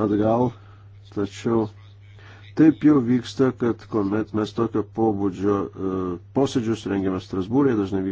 atgal, tačiau taip jau vyksta, kad kuomet mes tokio pobūdžio e, posėdžius rengiame Strasbūrėje, dažnai